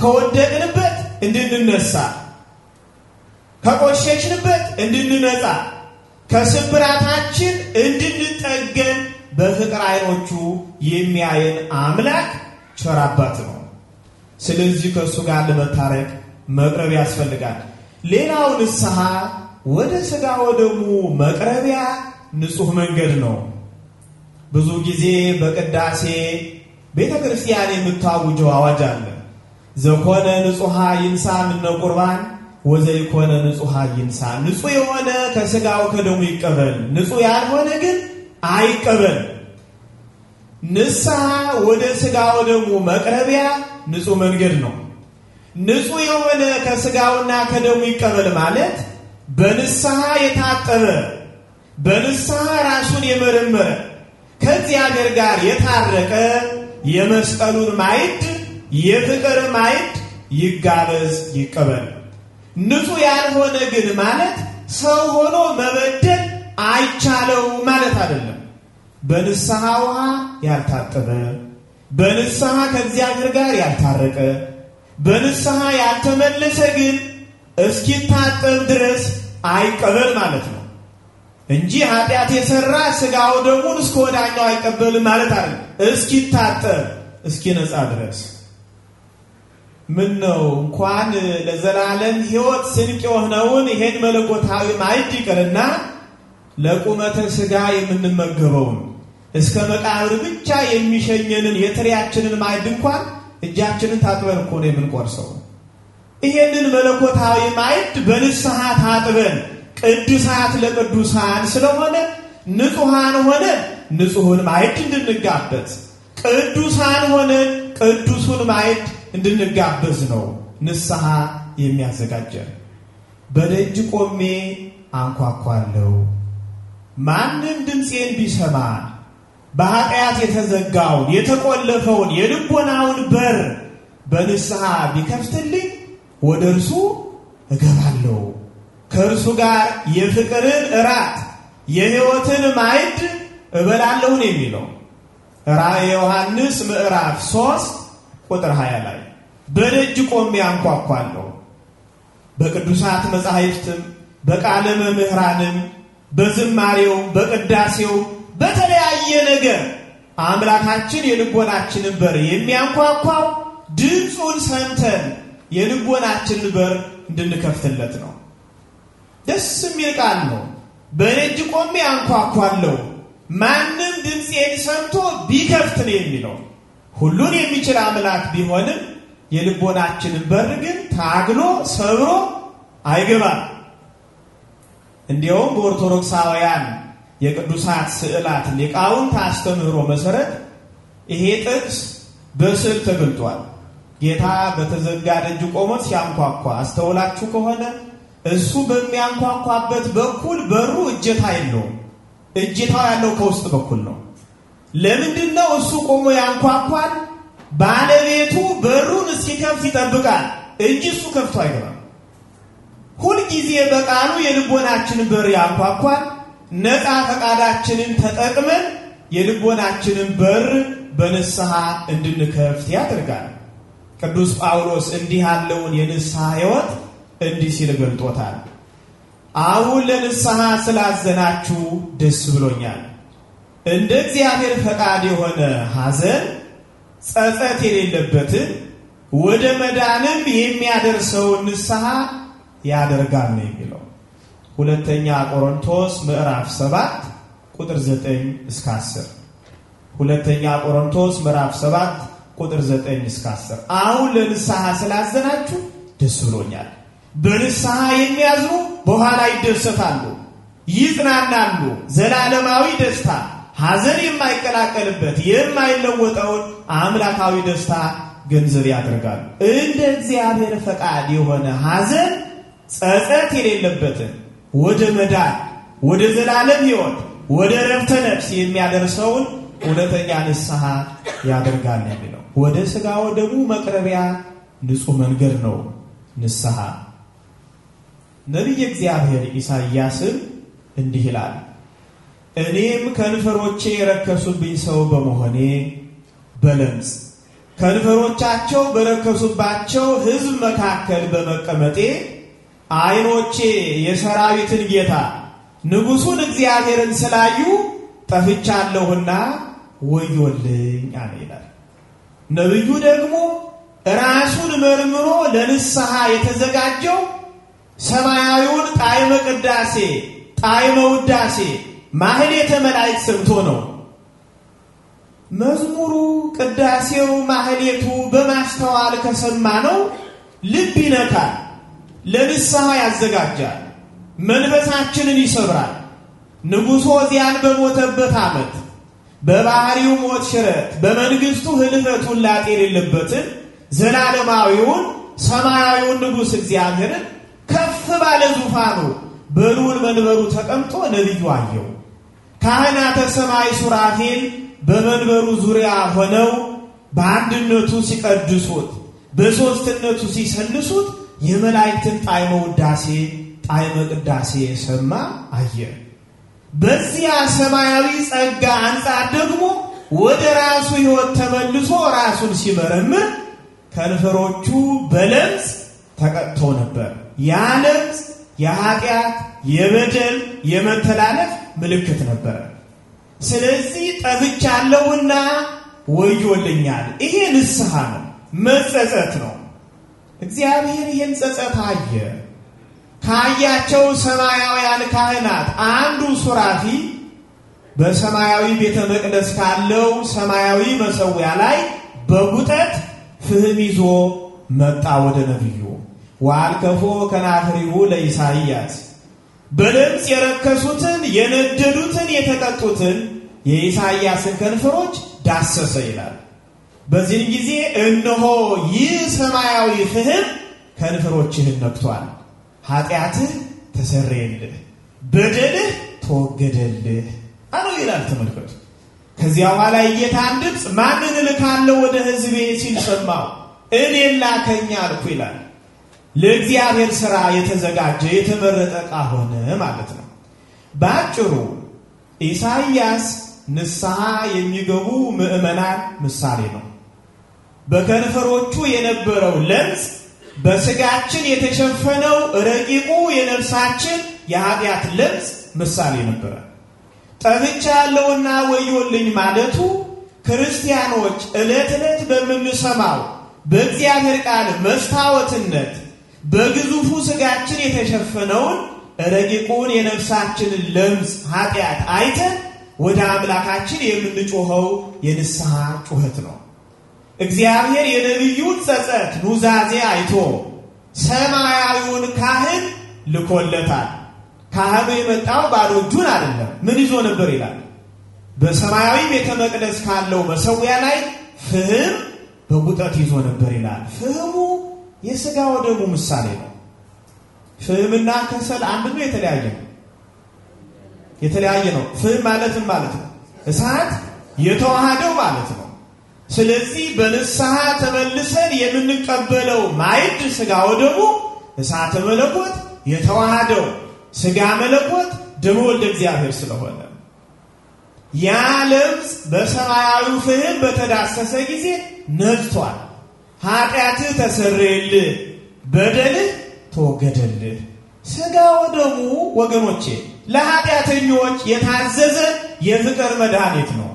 ከወደቅንበት እንድንነሳ ከቆሸሽንበት እንድንነጻ ከስብራታችን እንድንጠገን በፍቅር አይኖቹ የሚያየን አምላክ ቸር አባት ነው። ስለዚህ ከእሱ ጋር ለመታረቅ መቅረብ ያስፈልጋል። ሌላው ንስሐ ወደ ሥጋ ወደሙ መቅረቢያ ንጹሕ መንገድ ነው። ብዙ ጊዜ በቅዳሴ ቤተ ክርስቲያን የምታውጀው አዋጅ አለ። ዘኮነ ንጹሐ ይንሳ ምነ ቁርባን ወዘይኮነ ንጹሐ ይንሳ ንጹህ የሆነ ከስጋው ከደሙ ይቀበል፣ ንጹህ ያልሆነ ግን አይቀበል። ንስሐ ወደ ስጋው ደሙ መቅረቢያ ንጹህ መንገድ ነው። ንጹህ የሆነ ከስጋውና ከደሙ ይቀበል ማለት በንስሐ የታጠበ በንስሐ ራሱን የመረመረ ከእግዚአብሔር ጋር የታረቀ የመስቀሉን ማዕድ የፍቅር ማዕድ ይጋበዝ ይቀበል። ንጹህ ያልሆነ ግን ማለት ሰው ሆኖ መበደል አይቻለው ማለት አይደለም። በንስሐ ውሃ ያልታጠበ፣ በንስሐ ከእግዚአብሔር ጋር ያልታረቀ፣ በንስሐ ያልተመለሰ ግን እስኪታጠብ ድረስ አይቀበል ማለት ነው እንጂ ኃጢአት የሰራ ስጋው ደሙን እስከ ወዳኛው አይቀበልም ማለት አይደለም። እስኪታጠብ እስኪነጻ ድረስ ምን ነው እንኳን ለዘላለም ህይወት ስንቅ የሆነውን ይሄን መለኮታዊ ማይድ ይቅርና ለቁመተ ስጋ የምንመገበውን እስከ መቃብር ብቻ የሚሸኘንን የትሪያችንን ማይድ እንኳን እጃችንን ታጥበን እኮ ነው የምንቆርሰው። ይሄንን መለኮታዊ ማይድ በንስሐ ታጥበን ቅዱሳት ለቅዱሳን ስለሆነ ንጹሐን ሆነ ንጹሑን ማየት እንድንጋበት ቅዱሳን ሆነ ቅዱሱን ማየት እንድንጋበዝ ነው ንስሐ የሚያዘጋጀን። በደጅ ቆሜ አንኳኳለሁ፣ ማንም ድምፄን ቢሰማ በኃጢአት የተዘጋውን የተቆለፈውን የልቦናውን በር በንስሐ ቢከፍትልኝ ወደ እርሱ እገባለሁ። ከእርሱ ጋር የፍቅርን እራት የሕይወትን ማዕድ እበላለሁን የሚለው ራእየ ዮሐንስ ምዕራፍ 3 ቁጥር 20 ላይ በደጅ ቆሜ አንኳኳለሁ፣ በቅዱሳት መጻሕፍትም በቃለ መምህራንም በዝማሬው በቅዳሴው በተለያየ ነገር አምላካችን የልቦናችንን በር የሚያንኳኳው ድምፁን ሰምተን የልቦናችንን በር እንድንከፍትለት ነው። ደስ የሚል ቃል ነው። በደጅ ቆሜ አንኳኳለሁ ማንም ድምፄን ሰምቶ ቢከፍት ነው የሚለው ሁሉን የሚችል አምላክ ቢሆንም የልቦናችንን በር ግን ታግሎ ሰብሮ አይገባም። እንዲያውም በኦርቶዶክሳውያን የቅዱሳት ስዕላት ሊቃውንት አስተምህሮ መሰረት ይሄ ጥቅስ በስዕል ተገልጧል። ጌታ በተዘጋ ደጅ ቆሞ ሲያንኳኳ አስተውላችሁ ከሆነ እሱ በሚያንኳኳበት በኩል በሩ እጀታ የለውም። እጀታው ያለው ከውስጥ በኩል ነው። ለምንድን ነው እሱ ቆሞ ያንኳኳል? ባለቤቱ በሩን እስኪከፍት ይጠብቃል እንጂ እሱ ከፍቶ አይገባም። ሁልጊዜ በቃሉ የልቦናችንን በር ያንኳኳል። ነፃ ፈቃዳችንን ተጠቅመን የልቦናችንን በር በንስሐ እንድንከፍት ያደርጋል። ቅዱስ ጳውሎስ እንዲህ ያለውን የንስሐ ሕይወት እንዲህ ሲል ገልጦታል። አሁን ለንስሐ ስላዘናችሁ ደስ ብሎኛል እንደ እግዚአብሔር ፈቃድ የሆነ ሐዘን ጸጸት የሌለበትን ወደ መዳንም የሚያደርሰውን ንስሐ ያደርጋል ነው የሚለው። ሁለተኛ ቆሮንቶስ ምዕራፍ 7 ቁጥር 9 እስከ 10 ሁለተኛ ቆሮንቶስ ምዕራፍ 7 ቁጥር 9 እስከ 10 አሁን ለንስሐ ስላዘናችሁ ደስ ብሎኛል። በንስሐ የሚያዝኑ በኋላ ይደሰታሉ፣ ይጽናናሉ። ዘላለማዊ ደስታ ሐዘን የማይቀላቀልበት የማይለወጠውን አምላካዊ ደስታ ገንዘብ ያደርጋሉ። እንደ እግዚአብሔር ፈቃድ የሆነ ሐዘን ጸጸት የሌለበትን ወደ መዳን፣ ወደ ዘላለም ሕይወት፣ ወደ ረብተ ነፍስ የሚያደርሰውን እውነተኛ ንስሐ ያደርጋል የሚለው ወደ ሥጋ ወደሙ መቅረቢያ ንጹሕ መንገድ ነው ንስሐ። ነቢይ እግዚአብሔር ኢሳይያስም እንዲህ ይላል እኔም ከንፈሮቼ የረከሱብኝ ሰው በመሆኔ በለምጽ ከንፈሮቻቸው በረከሱባቸው ሕዝብ መካከል በመቀመጤ አይኖቼ የሰራዊትን ጌታ ንጉሡን እግዚአብሔርን ስላዩ ጠፍቻለሁና ወዮልኝ አለ ይላል። ነቢዩ ደግሞ ራሱን መርምሮ ለንስሐ የተዘጋጀው ሰማያዊውን ጣዕመ ቅዳሴ ጣዕመ ውዳሴ ማህሌተ መላእክት ሰብቶ ነው። መዝሙሩ፣ ቅዳሴው፣ ማህሌቱ በማስተዋል ከሰማ ነው ልብ ይነካል፣ ለንስሐ ያዘጋጃል፣ መንፈሳችንን ይሰብራል። ንጉሶ ዚያን በሞተበት ዓመት በባህሪው ሞት ሽረት በመንግሥቱ ህልፈቱን ላጤ የሌለበትን ዘላለማዊውን ሰማያዊውን ንጉሥ እግዚአብሔርን ከፍ ባለ ዙፋኑ በልዑል መንበሩ ተቀምጦ ነቢዩ አየው። ካህናተ ሰማይ ሱራፌል በመንበሩ ዙሪያ ሆነው በአንድነቱ ሲቀድሱት፣ በሦስትነቱ ሲሰልሱት የመላእክትን ጣዕመ ውዳሴ ጣዕመ ቅዳሴ የሰማ አየ። በዚያ ሰማያዊ ጸጋ አንጻር ደግሞ ወደ ራሱ ሕይወት ተመልሶ ራሱን ሲመረምር ከንፈሮቹ በለምጽ ተቀጥቶ ነበር። ያ ለምጽ የኃጢአት፣ የበደል፣ የመተላለፍ ምልክት ነበረ። ስለዚህ ጠፍቻለሁና ወዮልኛል። ይሄ ንስሐ ነው፣ መጸጸት ነው። እግዚአብሔር ይህን ጸጸት አየ። ካያቸው ሰማያውያን ካህናት አንዱ ሱራፊ በሰማያዊ ቤተ መቅደስ ካለው ሰማያዊ መሰዊያ ላይ በጉጠት ፍህም ይዞ መጣ ወደ ነቢዩ ዋልከፎ ከናፍሪሁ ለኢሳይያስ በለምጽ የረከሱትን የነደዱትን የተቀጡትን የኢሳይያስን ከንፈሮች ዳሰሰ ይላል። በዚህን ጊዜ እነሆ ይህ ሰማያዊ ፍህም ከንፈሮችህን ነክቷል፣ ኃጢአትህ ተሰረየልህ፣ በደልህ ተወገደልህ አለው ይላል። ተመልከቱ። ከዚያ በኋላ የጌታን ድምፅ ማንን እልካለሁ ወደ ሕዝቤ ሲል ሰማው፣ እኔ ላከኝ አልኩ ይላል። ለእግዚአብሔር ሥራ የተዘጋጀ የተመረጠ ዕቃ ሆነ ማለት ነው። በአጭሩ ኢሳይያስ ንስሐ የሚገቡ ምዕመናን ምሳሌ ነው። በከንፈሮቹ የነበረው ለምጽ በስጋችን የተሸፈነው ረቂቁ የነፍሳችን የኃጢአት ለምጽ ምሳሌ ነበረ። ያለውና ወዮልኝ ማለቱ ክርስቲያኖች ዕለት ዕለት በምንሰማው በእግዚአብሔር ቃል መስታወትነት በግዙፉ ስጋችን የተሸፈነውን ረቂቁን የነፍሳችንን ለምጽ ኃጢአት አይተን ወደ አምላካችን የምንጮኸው የንስሐ ጩኸት ነው። እግዚአብሔር የነቢዩን ጸጸት ኑዛዜ አይቶ ሰማያዊውን ካህን ልኮለታል። ካህኑ የመጣው ባዶ እጁን አይደለም። ምን ይዞ ነበር ይላል? በሰማያዊ ቤተ መቅደስ ካለው መሰዊያ ላይ ፍህም በጉጠት ይዞ ነበር ይላል። ፍህሙ የሥጋ ወደሙ ምሳሌ ነው። ፍምና ከሰል አንድ ነው፣ የተለያየ ነው። የተለያየ ነው። ፍም ማለትም ማለት ነው እሳት የተዋሃደው ማለት ነው። ስለዚህ በንስሐ ተመልሰን የምንቀበለው ማዕድ ሥጋ ወደሙ እሳት መለኮት የተዋሃደው ስጋ መለኮት ደሞ ወልደ እግዚአብሔር ስለሆነ ያ ለምጽ በሰማያዊ ፍህም በተዳሰሰ ጊዜ ነድቷል። ኃጢአትህ ተሰረየልህ፣ በደልህ ተወገደልህ። ሥጋ ወደሙ ወገኖቼ ለኃጢአተኞች የታዘዘ የፍቅር መድኃኒት ነው።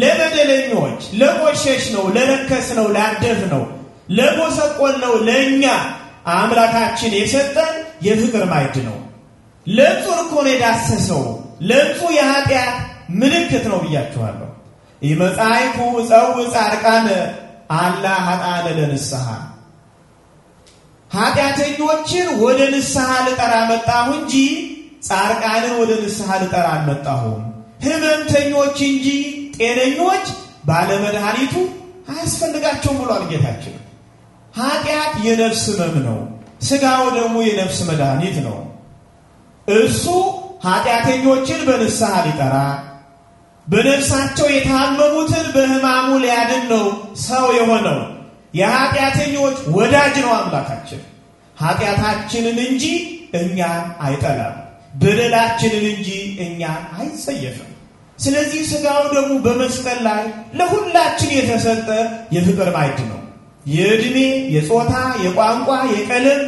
ለበደለኞች ለቆሸሽ ነው፣ ለረከስ ነው፣ ላደፍ ነው፣ ለጎሰቆል ነው ለእኛ አምላካችን የሰጠን የፍቅር ማዕድ ነው። ለምጹ ርኮን የዳሰሰው ለንጹ የኃጢአት ምልክት ነው ብያችኋለሁ። ኢመጻይኩ ጸው ጻድቃነ አላ ሀጣ ለንስሐ ኃጢአተኞችን ወደ ንስሐ ልጠራ መጣሁ እንጂ ጻርቃንን ወደ ንስሐ ልጠራ አልመጣሁም። ህመምተኞች እንጂ ጤነኞች ባለመድኃኒቱ አያስፈልጋቸውም ብሏል ጌታችን። ኃጢአት የነፍስ ህመም ነው፣ ሥጋው ደግሞ የነፍስ መድኃኒት ነው። እሱ ኃጢአተኞችን በንስሐ ሊጠራ በነፍሳቸው የታመሙትን በሕማሙ ሊያድን ነው ሰው የሆነው። የኃጢአተኞች ወዳጅ ነው አምላካችን። ኃጢአታችንን እንጂ እኛ አይጠላም፣ በደላችንን እንጂ እኛ አይጸየፍም። ስለዚህ ሥጋው ደግሞ በመስቀል ላይ ለሁላችን የተሰጠ የፍቅር ማዕድ ነው። የዕድሜ፣ የጾታ፣ የቋንቋ፣ የቀለም፣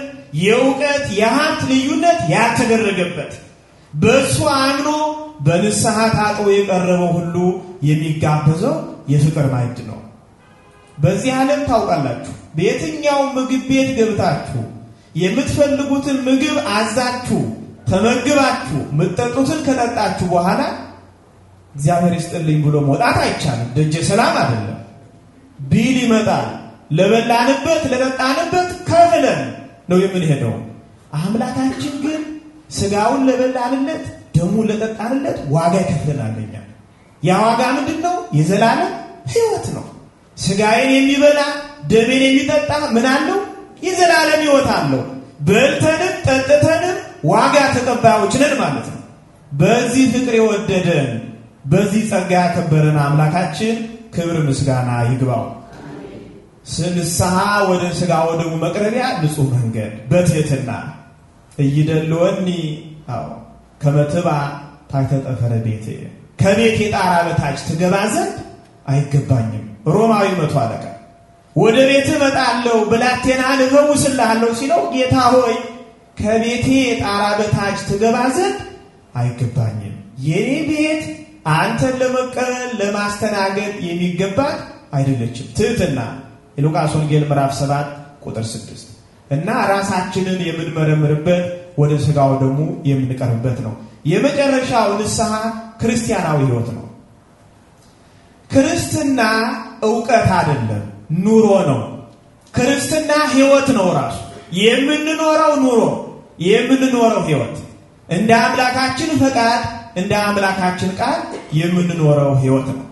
የእውቀት፣ የሀብት ልዩነት ያልተደረገበት በእሱ አምኖ በንስሐ ታጥቦ የቀረበው ሁሉ የሚጋበዘው የፍቅር ማዕድ ነው። በዚህ ዓለም ታውቃላችሁ፣ በየትኛው ምግብ ቤት ገብታችሁ የምትፈልጉትን ምግብ አዛችሁ ተመግባችሁ የምትጠጡትን ከጠጣችሁ በኋላ እግዚአብሔር ይስጥልኝ ብሎ መውጣት አይቻልም። ደጀ ሰላም አይደለም። ቢል ይመጣል። ለበላንበት ለጠጣንበት ከፍለን ነው የምንሄደው። አምላካችን ግን ስጋውን ለበላንለት ደሙ ለጠጣንለት ዋጋ ይከፍለናል። ያ ዋጋ ምንድን ነው? የዘላለም ህይወት ነው። ስጋዬን የሚበላ ደሜን የሚጠጣ ምን አለው? የዘላለም ህይወት አለው። በልተንም ጠጥተንም ዋጋ ተቀባዮች ነን ማለት ነው። በዚህ ፍቅር የወደደን በዚህ ጸጋ ያከበረን አምላካችን ክብር ምስጋና ይግባው። ስንስሐ ወደ ስጋ ወደሙ መቅረቢያ ንጹህ መንገድ በትህትና እይደልወኒ ከመትባ ታሕተ ጠፈረ ቤት ከቤት የጣራ በታች ትገባ ዘንድ አይገባኝም። ሮማዊ መቶ አለቃ ወደ ቤት እመጣለሁ ብላቴና እፈውስልሃለሁ ሲለው ጌታ ሆይ ከቤቴ የጣራ በታች ትገባ ዘንድ አይገባኝም። የኔ ቤት አንተን ለመቀበል ለማስተናገድ የሚገባት አይደለችም። ትህትና የሉቃስ ወንጌል ምዕራፍ 7 ቁጥር 6 እና ራሳችንን የምንመረምርበት ወደ ስጋው ደግሞ የምንቀርብበት ነው። የመጨረሻው ንስሐ ክርስቲያናዊ ህይወት ነው። ክርስትና እውቀት አይደለም፣ ኑሮ ነው። ክርስትና ህይወት ነው። ራሱ የምንኖረው ኑሮ የምንኖረው ህይወት እንደ አምላካችን ፈቃድ እንደ አምላካችን ቃል የምንኖረው ህይወት ነው።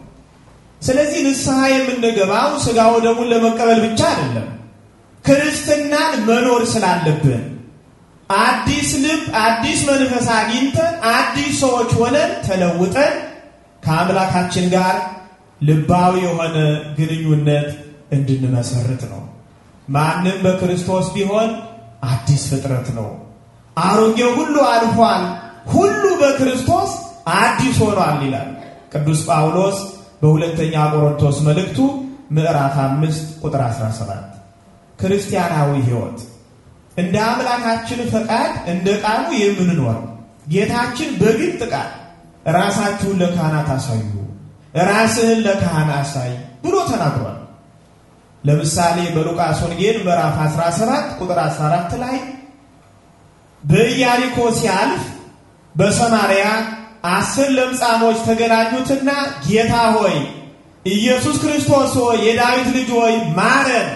ስለዚህ ንስሐ የምንገባው ስጋው ደሙን ለመቀበል ብቻ አይደለም። ክርስትናን መኖር ስላለብን አዲስ ልብ አዲስ መንፈስ አግኝተን አዲስ ሰዎች ሆነን ተለውጠን ከአምላካችን ጋር ልባዊ የሆነ ግንኙነት እንድንመሰርት ነው። ማንም በክርስቶስ ቢሆን አዲስ ፍጥረት ነው። አሮጌው ሁሉ አልፏል፣ ሁሉ በክርስቶስ አዲስ ሆኗል ይላል ቅዱስ ጳውሎስ በሁለተኛ ቆሮንቶስ መልእክቱ ምዕራፍ አምስት ቁጥር 17 ክርስቲያናዊ ህይወት እንደ አምላካችን ፈቃድ እንደ ቃሉ የምንኖር ጌታችን በግልጥ ቃል ራሳችሁን ለካህናት አሳዩ፣ ራስህን ለካህን አሳይ ብሎ ተናግሯል። ለምሳሌ በሉቃስ ወንጌል ምዕራፍ 17 ቁጥር 14 ላይ በኢያሪኮ ሲያልፍ በሰማርያ አስር ለምጻሞች ተገናኙትና ጌታ ሆይ ኢየሱስ ክርስቶስ ሆይ የዳዊት ልጅ ሆይ ማረን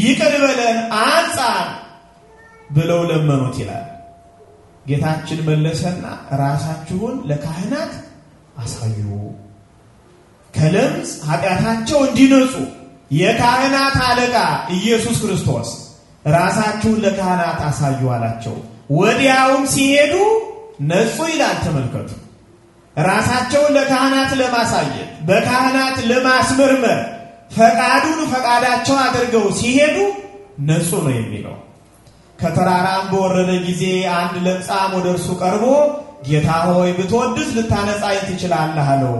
ይቅር በለን አንጻር ብለው ለመኑት ይላል። ጌታችን መለሰና ራሳችሁን ለካህናት አሳዩ፣ ከለምጽ ኃጢአታቸው እንዲነጹ የካህናት አለቃ ኢየሱስ ክርስቶስ ራሳችሁን ለካህናት አሳዩ አላቸው። ወዲያውም ሲሄዱ ነጹ ይላል። ተመልከቱ። ራሳቸውን ለካህናት ለማሳየት በካህናት ለማስመርመር ፈቃዱን ፈቃዳቸው አድርገው ሲሄዱ ነጹ ነው የሚለው። ከተራራም በወረደ ጊዜ አንድ ለምጻም ወደ እርሱ ቀርቦ ጌታ ሆይ ብትወድስ ልታነጻኝ ትችላለህ አለው።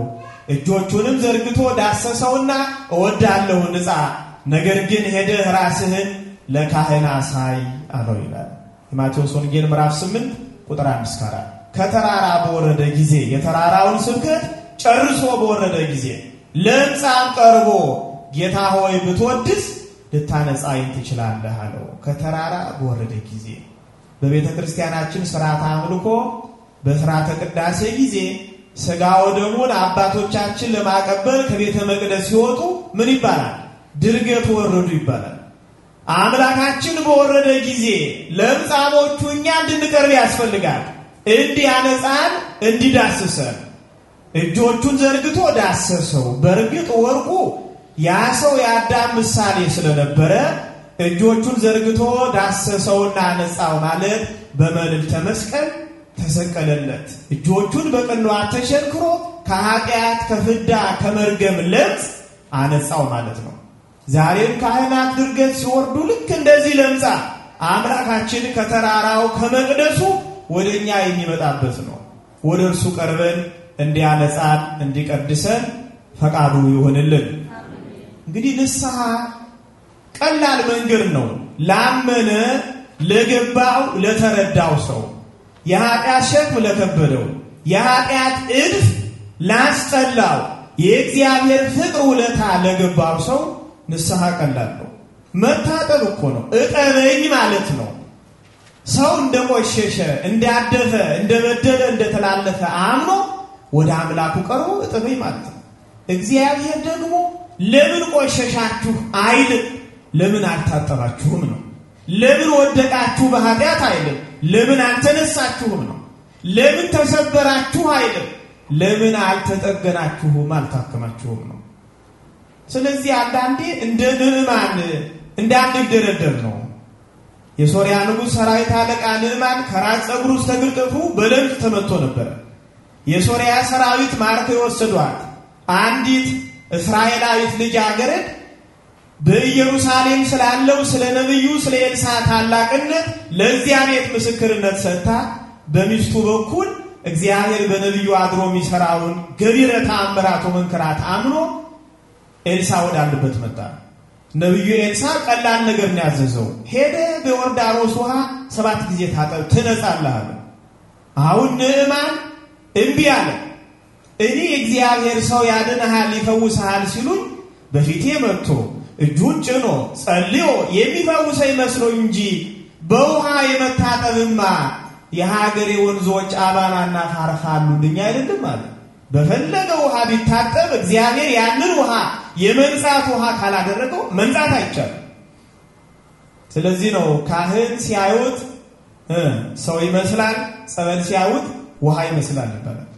እጆቹንም ዘርግቶ ዳሰሰውና እወዳለሁ ንጻ፣ ነገር ግን ሄደህ ራስህን ለካህን አሳይ አለው ይላል የማቴዎስ ወንጌል ምዕራፍ 8 ቁጥር 5። ከተራራ በወረደ ጊዜ የተራራውን ስብከት ጨርሶ በወረደ ጊዜ ለምጻም ቀርቦ ጌታ ሆይ ብትወድስ ልታነጻኝ ትችላለህ አለው። ከተራራ በወረደ ጊዜ በቤተ ክርስቲያናችን ስርዓተ አምልኮ በስርዓተ ቅዳሴ ጊዜ ስጋ ወደሙን አባቶቻችን ለማቀበል ከቤተ መቅደስ ሲወጡ ምን ይባላል? ድርገት ወረዱ ይባላል። አምላካችን በወረደ ጊዜ ለምጻሞቹ እኛ እንድንቀርብ ያስፈልጋል። እንዲያነጻን እንዲዳስሰን እጆቹን ዘርግቶ ዳሰሰው። በእርግጥ ወርቁ ያ ሰው የአዳም ምሳሌ ስለነበረ እጆቹን ዘርግቶ ዳሰሰውና ነጻው ማለት በመልዕልተ መስቀል ተሰቀለለት። እጆቹን በቅንዋት ተሸንክሮ ከኃጢአት ከፍዳ ከመርገም ለምጽ አነጻው ማለት ነው። ዛሬም ካህናት ድርገት ሲወርዱ ልክ እንደዚህ ለምጻ አምላካችን ከተራራው ከመቅደሱ ወደ እኛ የሚመጣበት ነው። ወደ እርሱ ቀርበን እንዲያነጻን እንዲቀድሰን ፈቃዱ ይሆንልን። እንግዲህ ንስሐ ቀላል መንገድ ነው። ላመነ ለገባው ለተረዳው ሰው የኃጢአት ሸክም ለከበደው የኃጢአት እድፍ ላስጠላው የእግዚአብሔር ፍቅር ውለታ ለገባው ሰው ንስሐ ቀላል ነው። መታጠብ እኮ ነው፣ እጠበኝ ማለት ነው። ሰው እንደ ቆሸሸ፣ እንዳደፈ፣ እንደበደለ፣ እንደተላለፈ አምኖ ወደ አምላኩ ቀርቦ እጠበኝ ማለት ነው። እግዚአብሔር ደግሞ ለምን ቆሸሻችሁ አይልም፣ ለምን አልታጠባችሁም ነው። ለምን ወደቃችሁ በኃጢአት አይልም፣ ለምን አልተነሳችሁም ነው። ለምን ተሰበራችሁ አይልም፣ ለምን አልተጠገናችሁም አልታከማችሁም ነው። ስለዚህ አንዳንዴ እንደ ንዕማን እንዳንደረደር ነው። የሶሪያ ንጉሥ ሰራዊት አለቃ ንዕማን ከራስ ጸጉሩ እስከ እግር ጥፍሩ በለምጽ ተመቶ ነበረ። የሶሪያ ሰራዊት ማርከው ወሰዷት። አንዲት እስራኤላዊት ልጃገረድ በኢየሩሳሌም ስላለው ስለ ነቢዩ ስለ ኤልሳዕ ታላቅነት ለዚያ ቤት ምስክርነት ሰጥታ በሚስቱ በኩል እግዚአብሔር በነቢዩ አድሮ የሚሰራውን ገቢረ ተአምራት ወመንክራት አምኖ ኤልሳ ወዳለበት መጣ። ነቢዩ ኤልሳ ቀላል ነገር ያዘዘው። ሄደ በዮርዳኖስ ውሃ ሰባት ጊዜ ታጠብ ትነጻለህ አሁን ንዕማን እምቢ አለ። እኔ እግዚአብሔር ሰው ያድንሃል ይፈውስሃል ሲሉኝ በፊቴ መጥቶ እጁን ጭኖ ጸልዮ የሚፈውሰ ይመስሎ እንጂ በውሃ የመታጠብማ የሀገሬ ወንዞች አባላና ታርፋ አሉልኝ አይደለም አለ። በፈለገ ውሃ ቢታጠብ እግዚአብሔር ያንን ውሃ የመንጻት ውሃ ካላደረገው መንጻት አይቻልም። ስለዚህ ነው ካህን ሲያዩት ሰው ይመስላል፣ ጸበል ሲያዩት ውሃ ይመስላል ይባላል።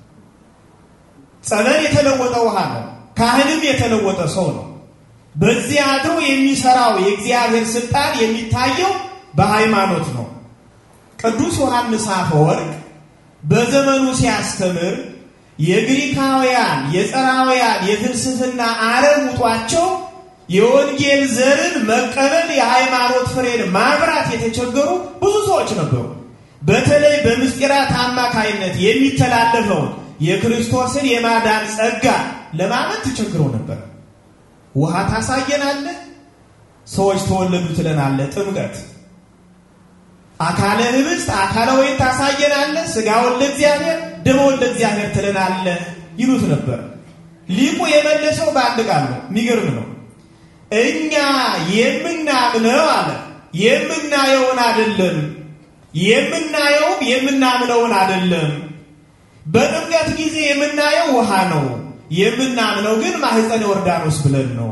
ጸበል የተለወጠ ውሃ ነው። ካህንም የተለወጠ ሰው ነው። በዚህ አድሮ የሚሰራው የእግዚአብሔር ስልጣን የሚታየው በሃይማኖት ነው። ቅዱስ ዮሐንስ አፈወርቅ በዘመኑ ሲያስተምር የግሪካውያን የፀራውያን የፍልስፍና አረም ውጧቸው የወንጌል ዘርን መቀበል የሃይማኖት ፍሬን ማብራት የተቸገሩ ብዙ ሰዎች ነበሩ። በተለይ በምስጢራት አማካይነት የሚተላለፈውን የክርስቶስን የማዳን ጸጋ ለማመን ተቸግሮ ነበር። ውሃ ታሳየናለ፣ ሰዎች ተወለዱ ትለናለ፣ ጥምቀት አካለ ህብስት አካለ ወይን ታሳየናለ፣ ስጋውን ለእግዚአብሔር ደሞን ለእግዚአብሔር ትለናለ ይሉት ነበር። ሊቁ የመለሰው በአንድ ቃል ነው። የሚገርም ነው። እኛ የምናምነው አለ የምናየውን አይደለም፣ የምናየውም የምናምነውን አይደለም በጥምቀት ጊዜ የምናየው ውሃ ነው። የምናምነው ግን ማህፀን ዮርዳኖስ ብለን ነው።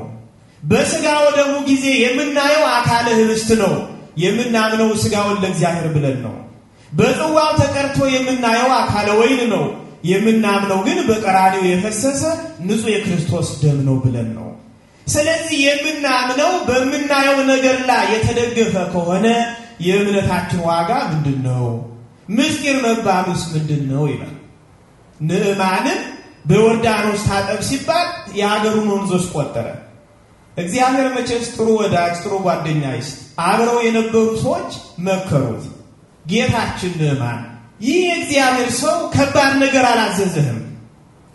በስጋ ወደሙ ጊዜ የምናየው አካለ ህብስት ነው። የምናምነው ስጋውን ለእግዚአብሔር ብለን ነው። በጽዋው ተቀርቶ የምናየው አካለ ወይን ነው። የምናምነው ግን በቀራኒው የፈሰሰ ንጹሕ የክርስቶስ ደም ነው ብለን ነው። ስለዚህ የምናምነው በምናየው ነገር ላይ የተደገፈ ከሆነ የእምነታችን ዋጋ ምንድን ነው? ምስጢር መባሉስ ምንድን ነው ይላል። ንዕማንን በዮርዳኖስ ታጠብ ሲባል የሀገሩን ወንዞች ቆጠረ። እግዚአብሔር መቼስ ጥሩ ወዳጅ ጥሩ ጓደኛ ይስጥ። አብረው የነበሩ ሰዎች መከሩት። ጌታችን ንዕማን ይህ የእግዚአብሔር ሰው ከባድ ነገር አላዘዘህም።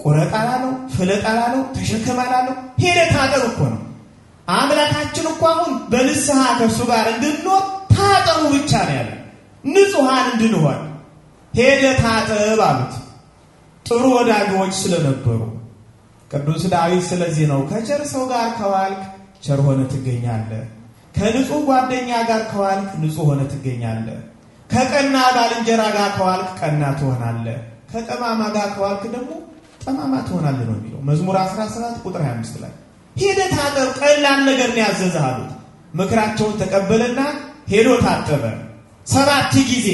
ቁረጥ አላለው፣ ፍለጥ አላለው፣ ተሸከም አላለው። ሄደ ታጠብ እኮ ነው። አምላካችን እኮ አሁን በንስሐ ከእሱ ጋር እንድንኖር ታጠቡ ብቻ ነው ያለ፣ ንጹሐን እንድንሆን ሄደ ታጠብ አሉት። ጥሩ ወዳጆች ስለነበሩ ቅዱስ ዳዊት ስለዚህ ነው ከቸር ሰው ጋር ከዋልክ ቸር ሆነ ትገኛለህ፣ ከንጹህ ጓደኛ ጋር ከዋልክ ንጹህ ሆነ ትገኛለህ፣ ከቀና ባልንጀራ ጋር ከዋልክ ቀና ትሆናለህ፣ ከጠማማ ጋር ከዋልክ ደግሞ ጠማማ ትሆናለህ ነው የሚለው መዝሙር 17 ቁጥር 25 ላይ ሄደህ ታጠብ፣ ቀላል ነገር ነው ያዘዝህ አሉት። ምክራቸውን ተቀበለና ሄዶ ታጠበ ሰባት ጊዜ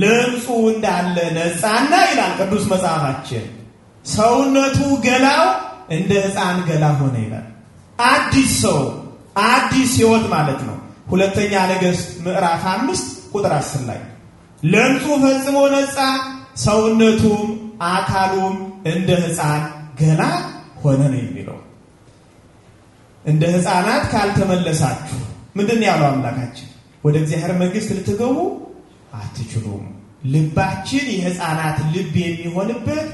ለምጹ እንዳለ ነፃና ይላል ቅዱስ መጽሐፋችን። ሰውነቱ ገላው እንደ ህፃን ገላ ሆነ ይላል። አዲስ ሰው አዲስ ህይወት ማለት ነው። ሁለተኛ ነገስት ምዕራፍ አምስት ቁጥር አስር ላይ ለምጹ ፈጽሞ ነፃ ሰውነቱም አካሉም እንደ ህፃን ገላ ሆነ ነው የሚለው። እንደ ህፃናት ካልተመለሳችሁ ምንድን ያለው አምላካችን? ወደ እግዚአብሔር መንግስት ልትገቡ አትችሉም። ልባችን የህፃናት ልብ የሚሆንበት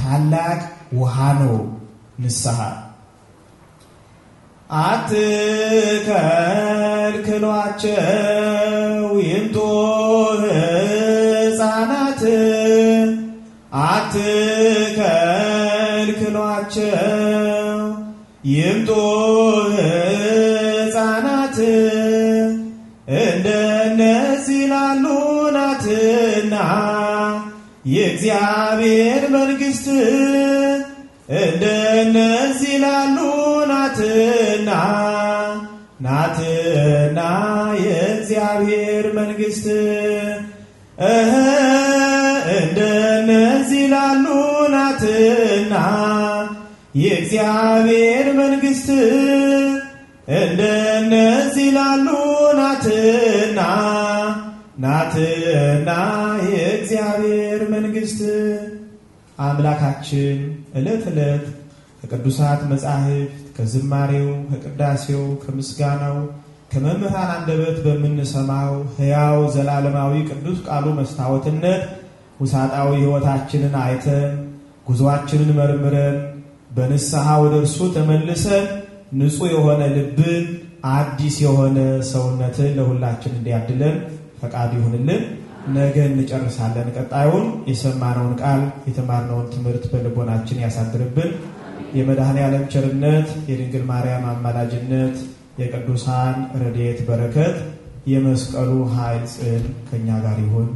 ታላቅ ውሃ ነው ንስሐ። አትከልክሏቸው ይምጡ ህፃናት፣ አትከልክሏቸው ይምጡ የእግዚአብሔር መንግስት እንደነዚህ ላሉ ናትና ናትና የእግዚአብሔር መንግሥት እንደነዚህ ላሉ ናትና የእግዚአብሔር መንግሥት እንደነዚህ ላሉ ናትና ናትና የእግዚአብሔር መንግሥት አምላካችን ዕለት ዕለት ከቅዱሳት መጻሕፍት ከዝማሬው ከቅዳሴው ከምስጋናው ከመምህራን አንደበት በምንሰማው ሕያው ዘላለማዊ ቅዱስ ቃሉ መስታወትነት ውሳጣዊ ሕይወታችንን አይተን ጉዞአችንን መርምረን በንስሐ ወደ እርሱ ተመልሰን ንጹሕ የሆነ ልብን አዲስ የሆነ ሰውነትን ለሁላችን እንዲያድለን ፈቃድ ይሁንልን። ነገ እንጨርሳለን። ቀጣዩን የሰማነውን ቃል የተማርነውን ትምህርት በልቦናችን ያሳድርብን። የመድኃኔ ዓለም ቸርነት፣ የድንግል ማርያም አማላጅነት፣ የቅዱሳን ረድኤት በረከት፣ የመስቀሉ ኃይል ጽን ከእኛ ጋር ይሁን።